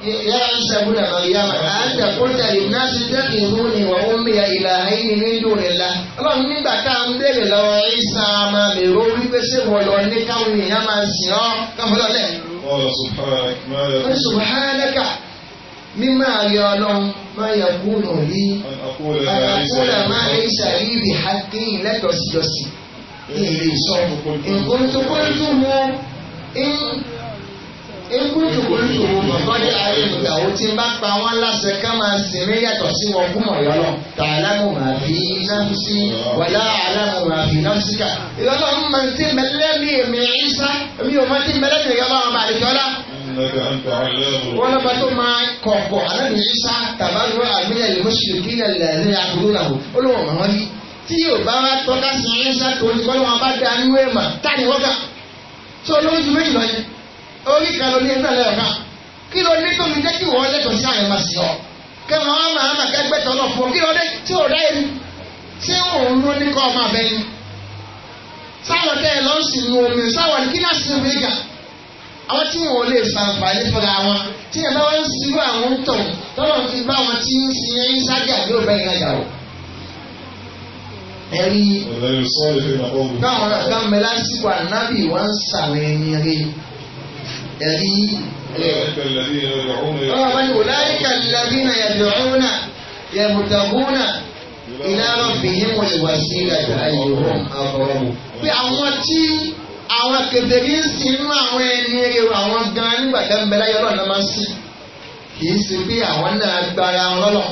يا عيسى ابن مريم أنت قلت للناس اتخذوني وأمي إلهين من دون الله ọlọ́run nígbà tá à ń béèrè lọ́wọ́ ìsà máa bèrò wípé ṣé wọ́n lọ ní káwọn èèyàn máa sìn ọ́ káfọ́lọ́lẹ̀. ọ̀rọ̀ subhanaka mímọ́ àrí ọlọ́run máa yẹ kúrò rí àkúrò máa ń ṣàrí ibi hakin lẹ́tọ̀ọ́síjọsí. èyí sọ nǹkan tó kọ́ tó mú Egúntù olùsòwò mọ̀kọ́ jẹ́ ayé ìgbà ó ti bá pa wọ́n láṣẹ ká máa sìn mí yàtọ̀ sí wọn fún ọ̀yọ́ náà. Tàlámù máa fi náà sí wàlá àlámù máa fi náà síkà. Ìlọ́lọ́ ń mọ ti mẹ́lẹ́ mi èmi ìsá mi ò mọ ti mẹ́lẹ́ mi ìyá máa máa lèkì ọlá. Wọ́n lọ́ba tó máa kọ̀kọ̀ àlẹ́ ìsá tàbálù àmìlẹ̀ lè mọ́ṣẹ̀ kí ilẹ̀ ní àbúrò náà. Ó ló wọ̀n wọ́n rí. Tí yóò bá wá tọ́ka sí ìsá tó ní kọ́ orí kan ló ní ẹgbẹ́ lẹ́ẹ̀kan kí ló ní tó mi jẹ́ kí wọ́n lẹ́tọ̀ọ́ sí àyẹ̀mọ̀ sí ọ kẹmọ ọmọ àmà kẹgbẹ́tọ̀ lọ fún kí ló dé tí ò dá ẹni tí òun ló ní kọ́ ọmọ abẹ́yìn sáwọn tẹ́ ẹ lọ sí ní omi sáwọn ní kí náà sí omi gà àwọn tí wọn ò lè ṣàǹfààní fúnra wọn tí ẹ bá wọn ń sinú àwọn ń tọ̀ tọ́lọ̀ ti bá wọn tí ń sin ẹyin sájà yóò bẹ́ o ẹ̀rí báwọn ọ̀gá mẹ́lá ànábì wọ́n ń sàwọn ẹni rí دليل أولئك الذين يدعون يبتغون إلى ربهم الوسيلة أيهم أقرب pé àwọn tí àwọn kèfèrí ń sin inú àwọn ẹni ẹrù àwọn gan nígbà tó ń bẹ láyé ọlọ́run náà máa ń sìn kì í ṣe pé àwọn náà gbára wọn lọ́lọ́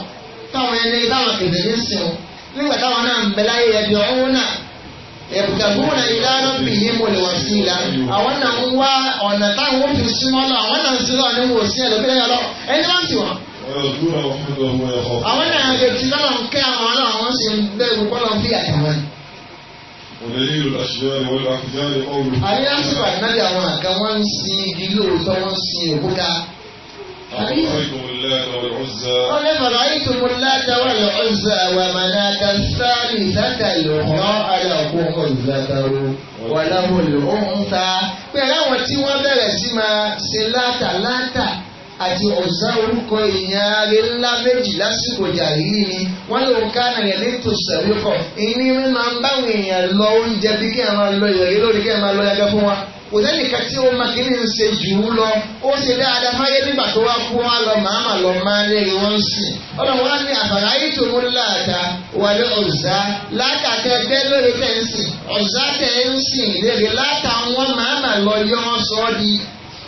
táwọn ẹni táwọn kèfèrí ń sìn nígbà táwọn náà ń bẹ láyé ẹni ọ̀hún náà yabtaguna ila rabbihim alwasila àwọn náà ń wá ọ̀nà táwọn fi súnmọ́ lọ àwọn náà ń sí lọ ní wò sí ẹlòmíràn yọ lọ ẹni máa ń tì àwọn náà lè ti lọ́nà ń àwọn náà wọ́n sì ń bẹ̀rù bọ́lọ̀ bí àtàwọn. Òdèlérò àṣìyá ni wọ́n lọ àfijá ni ọ̀rùn. Ayé lásìkò àìnáyà àwọn àga wọ́n ń sin igi lóòótọ́ wọ́n ń sin òkúta. أرأيتم اللات والعزى قل أرأيتم اللات والعزى ومناة الثالثة الأخرى ألكم الذكر وله الأنثى pẹ̀lú àwọn tí wọ́n bẹ̀rẹ̀ sí àti ọ̀sán orúkọ èèyàn arẹ ńlá méjì lásìkò jàrírí ni wọ́n lòun ká nàrẹ̀ lẹ́tọ̀ sẹ̀rí kọ̀ èyí ni máa ń báwọn èèyàn lọ oúnjẹ bí kí àwọn lọ ìrẹ̀lẹ́ lórí kí àwọn lọ yàgẹ́ fún wa kò sẹ́nìkan tí ó máa kí ní ṣe jù ú lọ ó ṣe dáadáa fáyé nígbà tó wá kú wá lọ màámà lọ máa lérí wọn sìn ọ̀nà wọn ní àfàrà yìí tó mú láàdá wọlé ọ̀zá látàtẹ gbẹ lórí tẹ̀ ń sìn ọ̀zá tẹ̀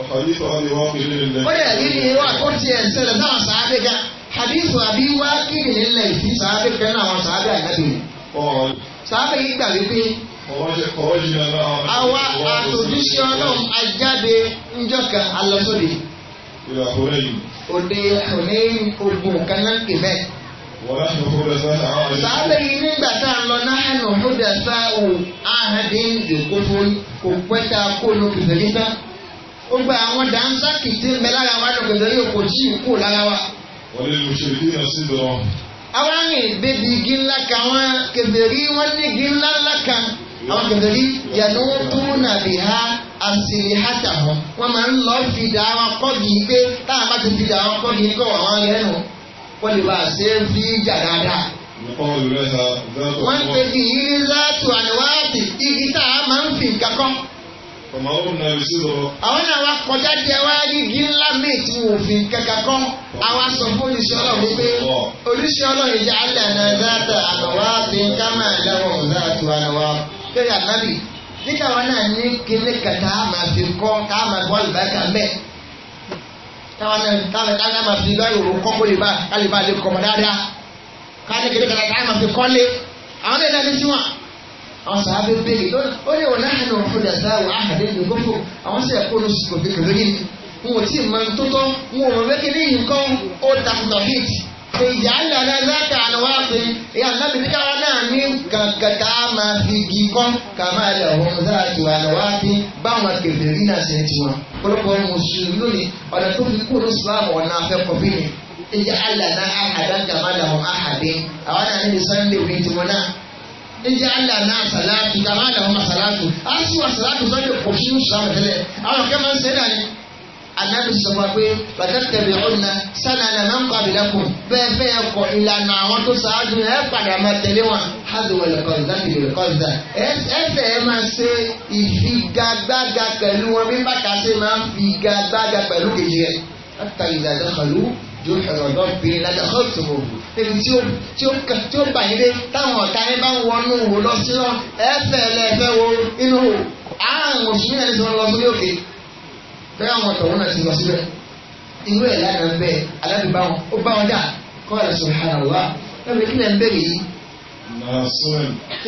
ó dẹ̀ rírí wà ó ti ẹ̀ ṣẹlẹ̀ náà sàábẹ̀ gá hadithu àbí wá kéde nílẹ̀ ìdí sàábẹ̀ fẹ́ náà àwọn sàábẹ̀ àgbàdo sàábẹ̀ yìí gbà wípé àwa àtòjíṣẹ́ ọlọ́run ajáde ńjọ́ka alọ́sọ́dẹ̀ òde òní ogun kan náà pè bẹ́ẹ̀. Sábẹ́ yìí nígbà tá a lọ náà ẹnu ọ̀hún dẹ̀ sáà wò áhàdín ìkófó kò pẹ́ kó lókè fẹ́lẹ́ tán gbogbo àwọn dàmsákì tí ń bẹ lára wa lọ́kọ̀ lórí òkò tí ì kú lára wa. wọ́n lè lu ṣèlú yẹn sí lọ. àwọn arìn bèbí igi ńlá kan àwọn kèbèrí wọn ní igi ńlá ńlá kan àwọn kèbèrí yẹnu tó nàbì ha àṣìlè ha tà wọn. wọ́n máa ń lọ fi dà wọn kọ́gì pé tá a bá ti fi dà wọn kọ́gì kọ́ wà wọ́n yẹn nù wọ́n lè bá a ṣe é fi jà dáadáa. wọ́n pè kí yìí ní láti àníwá àti igi tá a máa ń fi nǹkan kọ́ ọmọ òun náà sí lọ. àwọn náà wá kọjá jẹ wá yígi ńlá míì tí wò fi kẹkẹ kọ àwa sọ fún oníṣẹ́ Ọlọ́run wípé oníṣẹ́ Ọlọ́run ìjà àlànà dáadáa àbọwá fi kámà dáwọ ọdá àti wàlúwà lórí ànábì nígbà wọn náà ní kíní kàtà àmà fi kọ káàmà bọ́ọ̀lù bá kà mẹ táwọn náà táwọn táwọn náà máa fi lọ ìwòrán kọ kó lè bá kálí bá lè kọmọ dáadáa káàdé kíní kàtà àmà fi kọ́lé àwọn náà àwọn sàábé béèrè ó ní wọn náà nù fún dàsá wà áhàdé ní gbogbo àwọn sì ẹ̀kọ́ ló sì gbòbí pẹ̀lú yìí wọn ò tí ì mọ tó tọ́ wọn ò mọ bẹ́ẹ̀ kéde yìí nǹkan ó takùtà hit ìyá ńláńlá láta àlọ́wọ́ àpè ìyá ńláńlá bí káwa náà ní kàkàkà máa fi igi kọ́ ká máa lẹ̀ ọ̀hún dáàtì àlọ́wọ́ àpè báwọn kẹfẹ́ rí náà ṣe ti wọn. ọ̀pọ̀lọpọ̀ mùsùlùmí lónìí ọ̀nà tó fi kúrò Islam ọ̀nà afẹ́kọ̀ọ́ bí ni ìyá ńláńlá àhàdá kàmáàlà ọ̀hún àhàdé àwọn àná ìjà àlà na sàlátù kàmá àdàwọn màsàlátù á sì wà sàlátù sọ́jọ́ kò sí sàmù tẹ́lẹ̀ àwọn kẹ́ máa ń sẹ́dá ni. Ànábì sọ fún wa pé bàtẹ́tẹ̀ bí ọ̀nà sálà náà máa ń pa àbílẹ̀kùn bẹ́ẹ̀ bẹ́ẹ̀ kọ ìlànà àwọn tó ṣáájú ẹ̀ padà máa tẹ̀lé wọn. Hádùwẹ̀lẹ̀ kọ̀ọ̀dà ti lè kọ̀ọ̀dà. Ẹsẹ̀ ẹ máa ṣe ìfigagbága pẹ̀lú wọn bí bàtà ṣe máa figagbága pẹ̀lú kejì rẹ̀. Látàrí ìdàdàkàlú yóò fẹ̀rọ̀ dọ́ èyí tí ó tí ó kà tí ó bàyí dé táwọn ọ̀tá yẹn bá ń wọnú wò lọ sí lọ ẹ̀fẹ̀ lẹ́fẹ̀ wo inú wò àrùn òṣùwìn ẹni tí wọ́n lọ sórí òkè bẹ́ẹ̀ àwọn ọ̀tọ̀ wọn náà ti lọ síbẹ̀ irú ẹ̀ lánàá bẹ́ẹ̀ alábì bá wọn ó bá wọn dà kọ́ ẹ̀ sọ̀rọ̀ hàn wá lọ́bẹ̀ kí lẹ̀ ń bẹ̀rẹ̀ yìí.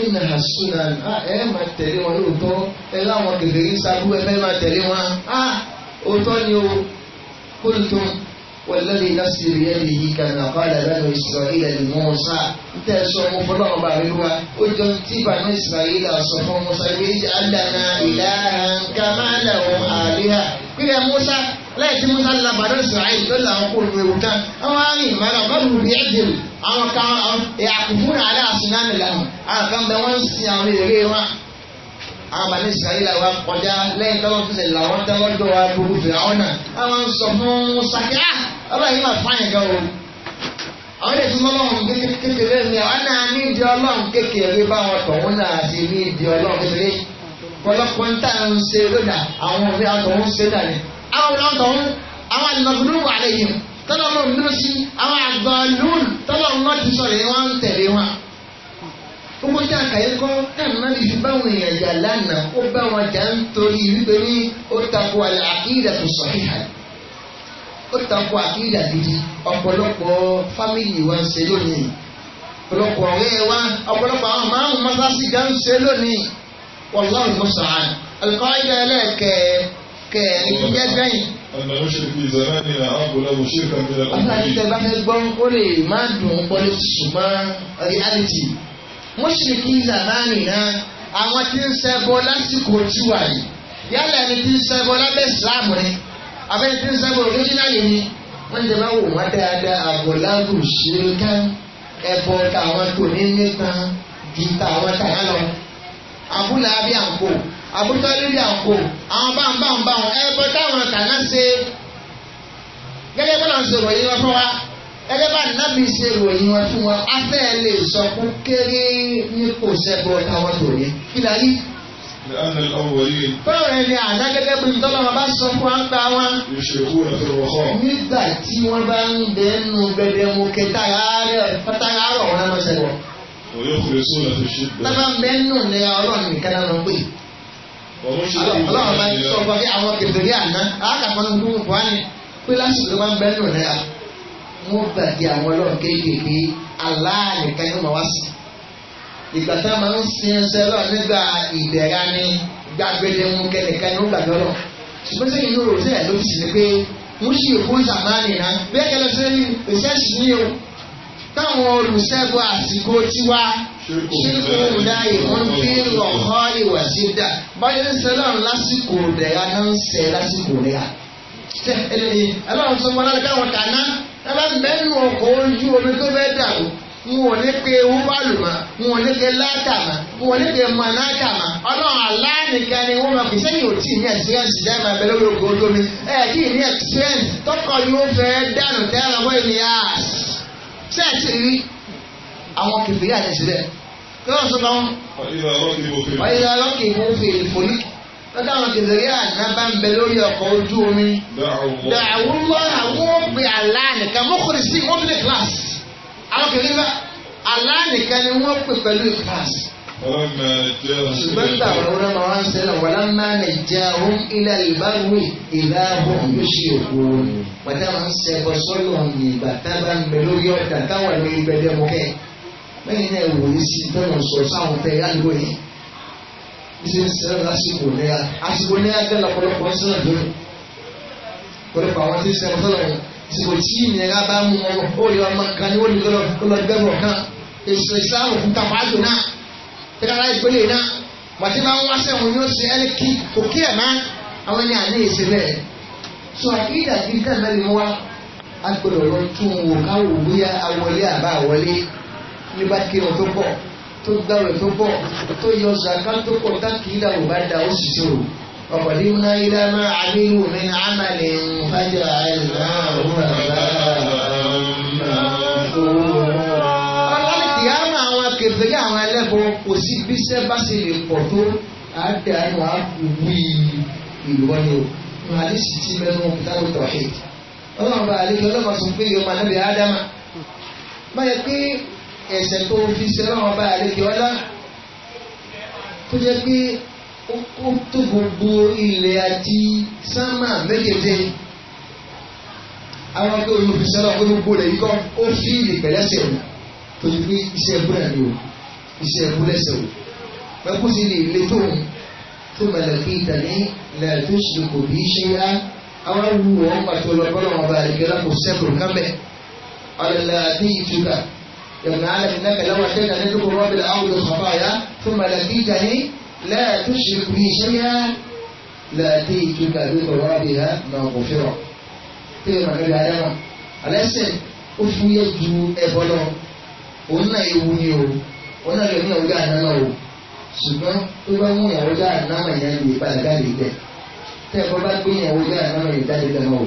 Ìnà àsúná ẹ máa tẹ̀lé wọn lóòótọ́ ẹ láwọn kèfèrí o, kó lè tó والذي نفسي بيده كما قال بنو إسرائيل لموسى تأسوا مفرغ بابلوا وجنتي بنو إسرائيل أصفوا موسى اجعل لنا إلها كما لهم آلهة كده موسى لا يتم موسى إلا بنو إسرائيل دول أقول بيوتا أو آمين ما قبله بيعدل أو يعكفون على أصنام لهم أو كان بوانسي أو يريوا àwọn bàbá Israẹli wa kọjá lẹ́yìn tó wọn fi ṣẹlẹ̀ àwọn tẹwọn dọ wa burú fèrè àwọn náà àwọn sọ fún sàkíà ah, ọlọ́run yìí máa fáyìn gan o àwọn èdè tí wọn lọrùn kékeré ni àwọn náà ní ìdí ọlọ́run kékeré báwọn tọ̀hún náà sì ní ìdí ọlọ́run kékeré pọ̀lọpọ̀ ń tà ń ṣe lónà àwọn òfin àtọ̀hún ṣe dà ní. àwọn ọlọ́tọ̀hún àwọn àlùmọ̀gbọ́n àwọn àgbà gbogbo tí a kàyé kọ́ ẹ̀mọ́ ní fi báwọn èèyàn jà lánàá ó bá wọn jà ń torí wípé ní ó takò àlẹ́ àkídà tó sọ híhà ó takò àkídà gidi ọ̀pọ̀lọpọ̀ fámìlì wa ń ṣe lónìí ọ̀pọ̀lọpọ̀ ọ̀rẹ́ wa ọ̀pọ̀lọpọ̀ àwọn márùn-ún mọ́sáàsì já ń ṣe lónìí wọ́lọ́run ló sọ àná ẹ̀kọ́ ẹ̀jẹ̀ ẹlẹ́ẹ̀kẹ́ kẹ́ ẹ̀jẹ̀ gbẹ̀yìn. ọ̀nà ìṣèlú ìzọ̀rẹ́ mọ́ṣíríkì zamani náà àwọn tí ń ṣẹbọ lásìkò tí wà yìí ẹni tí ń ṣẹbọ lábẹ́ ìsìlámù rẹ abẹ́ni tí ń ṣẹbọ lójúláyè ni wọ́n ti máa wò wọ́n dáadáa àbọ̀lágù ṣèkà ẹ̀bọ táwọn tó ní nípa ju táwọn táyà lọ. àbúlà bí àǹkó àbútọ́ lórí àǹkó àwọn báńbáńbáwọn ẹ̀bọ táwọn kàná ṣe gẹ́gẹ́ bọ́lá ń sọ̀rọ̀ yìí wọ́n wa ẹgbẹ́ bá nàbí ṣe ìròyìn wọn fún wọn afẹ́ lè sọ kú kéré ní kò sẹ́gbọ́ táwọn tò ní kí la yí. Báwo ni àná gẹ́gẹ́ bí ìjọba wọn bá sọ fún àgbà wọn? Ìṣèkú ẹ̀fẹ̀ wọ̀kọ́. Nígbà tí wọ́n bá ń bẹ nù gbẹdẹmú kẹta àárọ̀ wọn lọ́nà ṣẹ̀wọ̀. Òye òkúre sóòlù àti ṣe bẹ́ẹ̀. Tábà ń bẹ nù ní ọlọ́run nìkan náà lọ pé. Ọlọ́run máa ń sọ fún àwọn kẹfẹ́rí àná. Àkàfọ́n ń dúró fún wa ni pé lásìkò ló máa ń bẹ nù náà wọ́n gbàgbé àwọn ọlọ́run kéékèèké aláàlẹ́kan yóò máa wá sí. ìgbà tá a máa ń sin ẹsẹ̀ lọ nígbà ìbẹ̀rẹ̀ ni gbàgbélé mú kẹlẹ̀kẹ́ ni wọ́n gbàgbé ọlọ́ ṣùgbọ́n sẹ́yìn ló rò sílẹ̀ lóbi sí ni pé wọ́n ṣì kó sàmánì náà bẹ́ẹ̀ kẹlẹ́ sẹ́yìn rìsẹ́ẹ̀sì ní o táwọn olùṣègùn àsìkò tiwa ṣíkùn láyé wọn bí rọ̀kọ́ ìwà sí tọ́lá mẹ́nu ọkọ̀ ojú omi tó fẹ́ dàrú wọn ò ní pe wúbálù mọ́ wọn ò ní pe látà mọ́ wọn ò ní pe mọ̀nàkà mọ́ ọlọ́run aláàníkan ni wọ́n máa fi sẹ́yìn ò tí ì ní ẹ̀sìrẹ́ǹsì dẹ́ máa bẹ̀rẹ̀ lórí ọkọ̀ ojú omi ẹ̀ tí ì ní ẹ̀sìrẹ́ǹsì tọkọ yóò fẹ́ dànù tẹ́lẹ̀ wọ́n ní àás sẹ́ẹ̀sì rí àwọn kìfìrí àtẹ̀sílẹ̀ lọ́wọ́ sọ fún wọn. wọ́n yíra lọ́kì ìwọ́fẹ̀ẹ́ lọ́dọ̀ àwọn kìlìrí àná bá ń bẹ lórí ọkọ̀ ojú omi dàwúlọ́ àwọn òbí aláàníkan mọ́kùnrin sí wọ́n fi lè kíláàsì àwọn kìlìrí bá aláàníkan ni wọ́n pè pẹ̀lú kíláàsì. ṣùgbọ́n tí àwọn ọ̀rẹ́ máa wá ń ṣẹlẹ̀ wọ́n lá máa ń jẹ ohun ilẹ̀ ìbáwí ìlà ọ̀hún yóò ṣe òkú wọ́tá máa ń ṣe ẹ̀kọ́ sọ́lọ̀ ìgbà tá ń bẹ lórí ọ̀dà táwọn ìlú ìgbẹ́dẹ́mọ́kẹ́ lẹ́yìn náà wòye sí tọ́nà sọ ṣe ń sẹ́rẹ̀ lásìkò nira àsìkò nira jẹ́ lọ́pọ̀lọpọ̀ sẹ́rẹ̀ lónìí pọ̀lọpọ̀ àwọn tí ń sẹ́rẹ̀ sọ́lọ̀ àsìkò tí ìnira bá mú wọn ó lè ọmọ kan ní ó lè lọ gbẹ́bọ̀ kan èso ìsáàmù fún tàpáàdù náà ìdára ìgbélé náà màtí máa ń wá sẹ́wọ̀n yóò ṣe ẹni kí kò kí ẹ̀ máa àwọn ẹni àní èsè bẹ́ẹ̀ sọ àkíyèdà bíi tẹ́ mẹ́rin wá agbọ̀dọ̀ lọ tún wò káwò bóyá awọlé o ali nígbà kí wọn tó pọ̀ tó gbàwẹ̀ tó bọ̀ tó yọ zaka tó pọ̀ tákìlá ò bá da ó sì ṣòro ọ̀pọ̀lẹ́ iná ilé máa àmínú mi àmàlẹ̀ ń fájà àìsàn àwọn bàbá ọlọ́nìkìyàmọ̀ àwọn kẹfẹ́ yà àwọn ẹlẹ́bọ kò sí bí sẹ́ bá ṣe lè pọ̀ tó àádẹ́nu àkùwí ìlúwọ́ni o àdìsí ti mẹ́nu ọ̀pítàlù tọ̀hìn ọlọ́run bá àlejò ọlọ́run ẹ̀ṣẹ̀ tó fi ṣe ọlọ́run ọba àlejò ọlá tó jẹ́ pé ó tó gbogbo ilẹ̀ àti sánmà méjèèjì àwọn akẹ́ olùfisẹ́ náà gbogbo rẹ̀ yíkọ́ ó fi ìpẹ̀lẹ́sẹ̀ wò tó ti pé iṣẹ́ ẹ̀bú náà ni o iṣẹ́ ẹ̀bú lẹ́sẹ̀ wò pẹ̀kú sí lè le tó ń tó bẹ̀rẹ̀ kí ìtàlẹ́ ilẹ̀ tó ṣe kò bí ṣe á àwọn ewu wọn pàtó lọ́gbọ́n náà wọn bá àdìgẹ́ lápò sẹ́kùrù kámẹ́ ọ̀lẹ́lẹ́ àti ìtura يا ابن آدم لو أتيت أن تذكر رب الأرض والخطايا ثم لقيتني لا تشرك بي شيئا لأتيتك بغرابها مغفرة téèyàn máa lórí adára alẹ́sẹ̀ ó fúyẹ́ ju ẹ̀bọ lọ òun náà ewu ni o òun náà lè ní ọ̀gá àná lọ o ṣùgbọ́n tó bá mú ìyàwó já àná mà yẹn lè padà jáde bẹ́ẹ̀ tẹ́ ẹ̀fọ́ bá gbé ìyàwó já àná mà jáde bẹ́ẹ̀ náà o.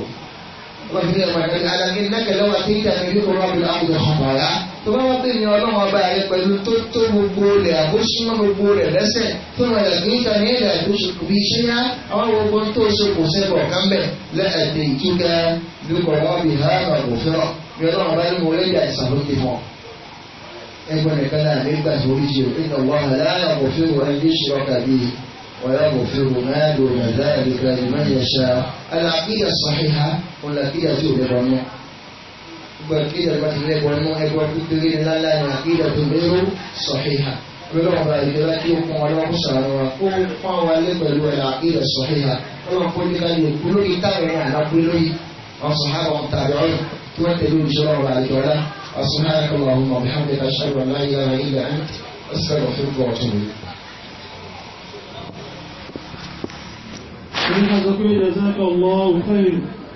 wọ́n fi ní ẹ̀rọ àdáńgé nákẹ́lẹ́wà tí ìtàn ìlú kọ́ra bí wọ́n á bọ̀ tó bá wá pé ní ọlọ́run ọba rẹ pẹ̀lú tó tó gbogbo rẹ̀ àbóṣúmọ́ gbogbo rẹ̀ lẹ́sẹ̀ tó rẹ̀ lẹ́gbẹ̀ẹ́ níta ní ilẹ̀ àbóṣokò bí iṣẹ́ yá àwọn gbogbo tó ṣokò sẹ́bọ̀ kámbẹ̀ lẹ́ẹ̀dẹ̀ kíkà lóko ọ̀rọ̀ bí hàrà òfẹ́rọ̀ ní ọlọ́run ọba ní mo lè yà ìsàlókè mọ́. ẹgbẹ́ nìkan náà nígbà tó rí jù nínú wọn aláàrà òfẹ́rù ẹni ṣọ́ọ̀kà gbogbo àkídà tó bá ti rẹ́pọ̀ nínú ẹgbẹ́ kékeré ńláńlá ní àkídà tó lérò sọ̀híhà lọ́wọ́ bá ìjọba kí ó pọn ọlọ́run sọ̀rọ̀ wọn kó pọn wa lé pẹ̀lú ẹ̀rọ àkídà sọ̀híhà ọlọ́run kó nípa ní òkú lórí táwọn ẹ̀rọ àlápé lórí ọ̀sán àwọn tàbí ọ̀rùn tí wọ́n tẹ̀lé olùṣọ́rọ̀ ọ̀rọ̀ àjọlá ọ̀sán àwọn ọmọ ọ̀bẹ̀hàmẹ́ta ṣàgbọ̀n láyé ara ilẹ̀ ọ̀sán ọ̀fẹ́ ọ̀tún rẹ̀. Thank you.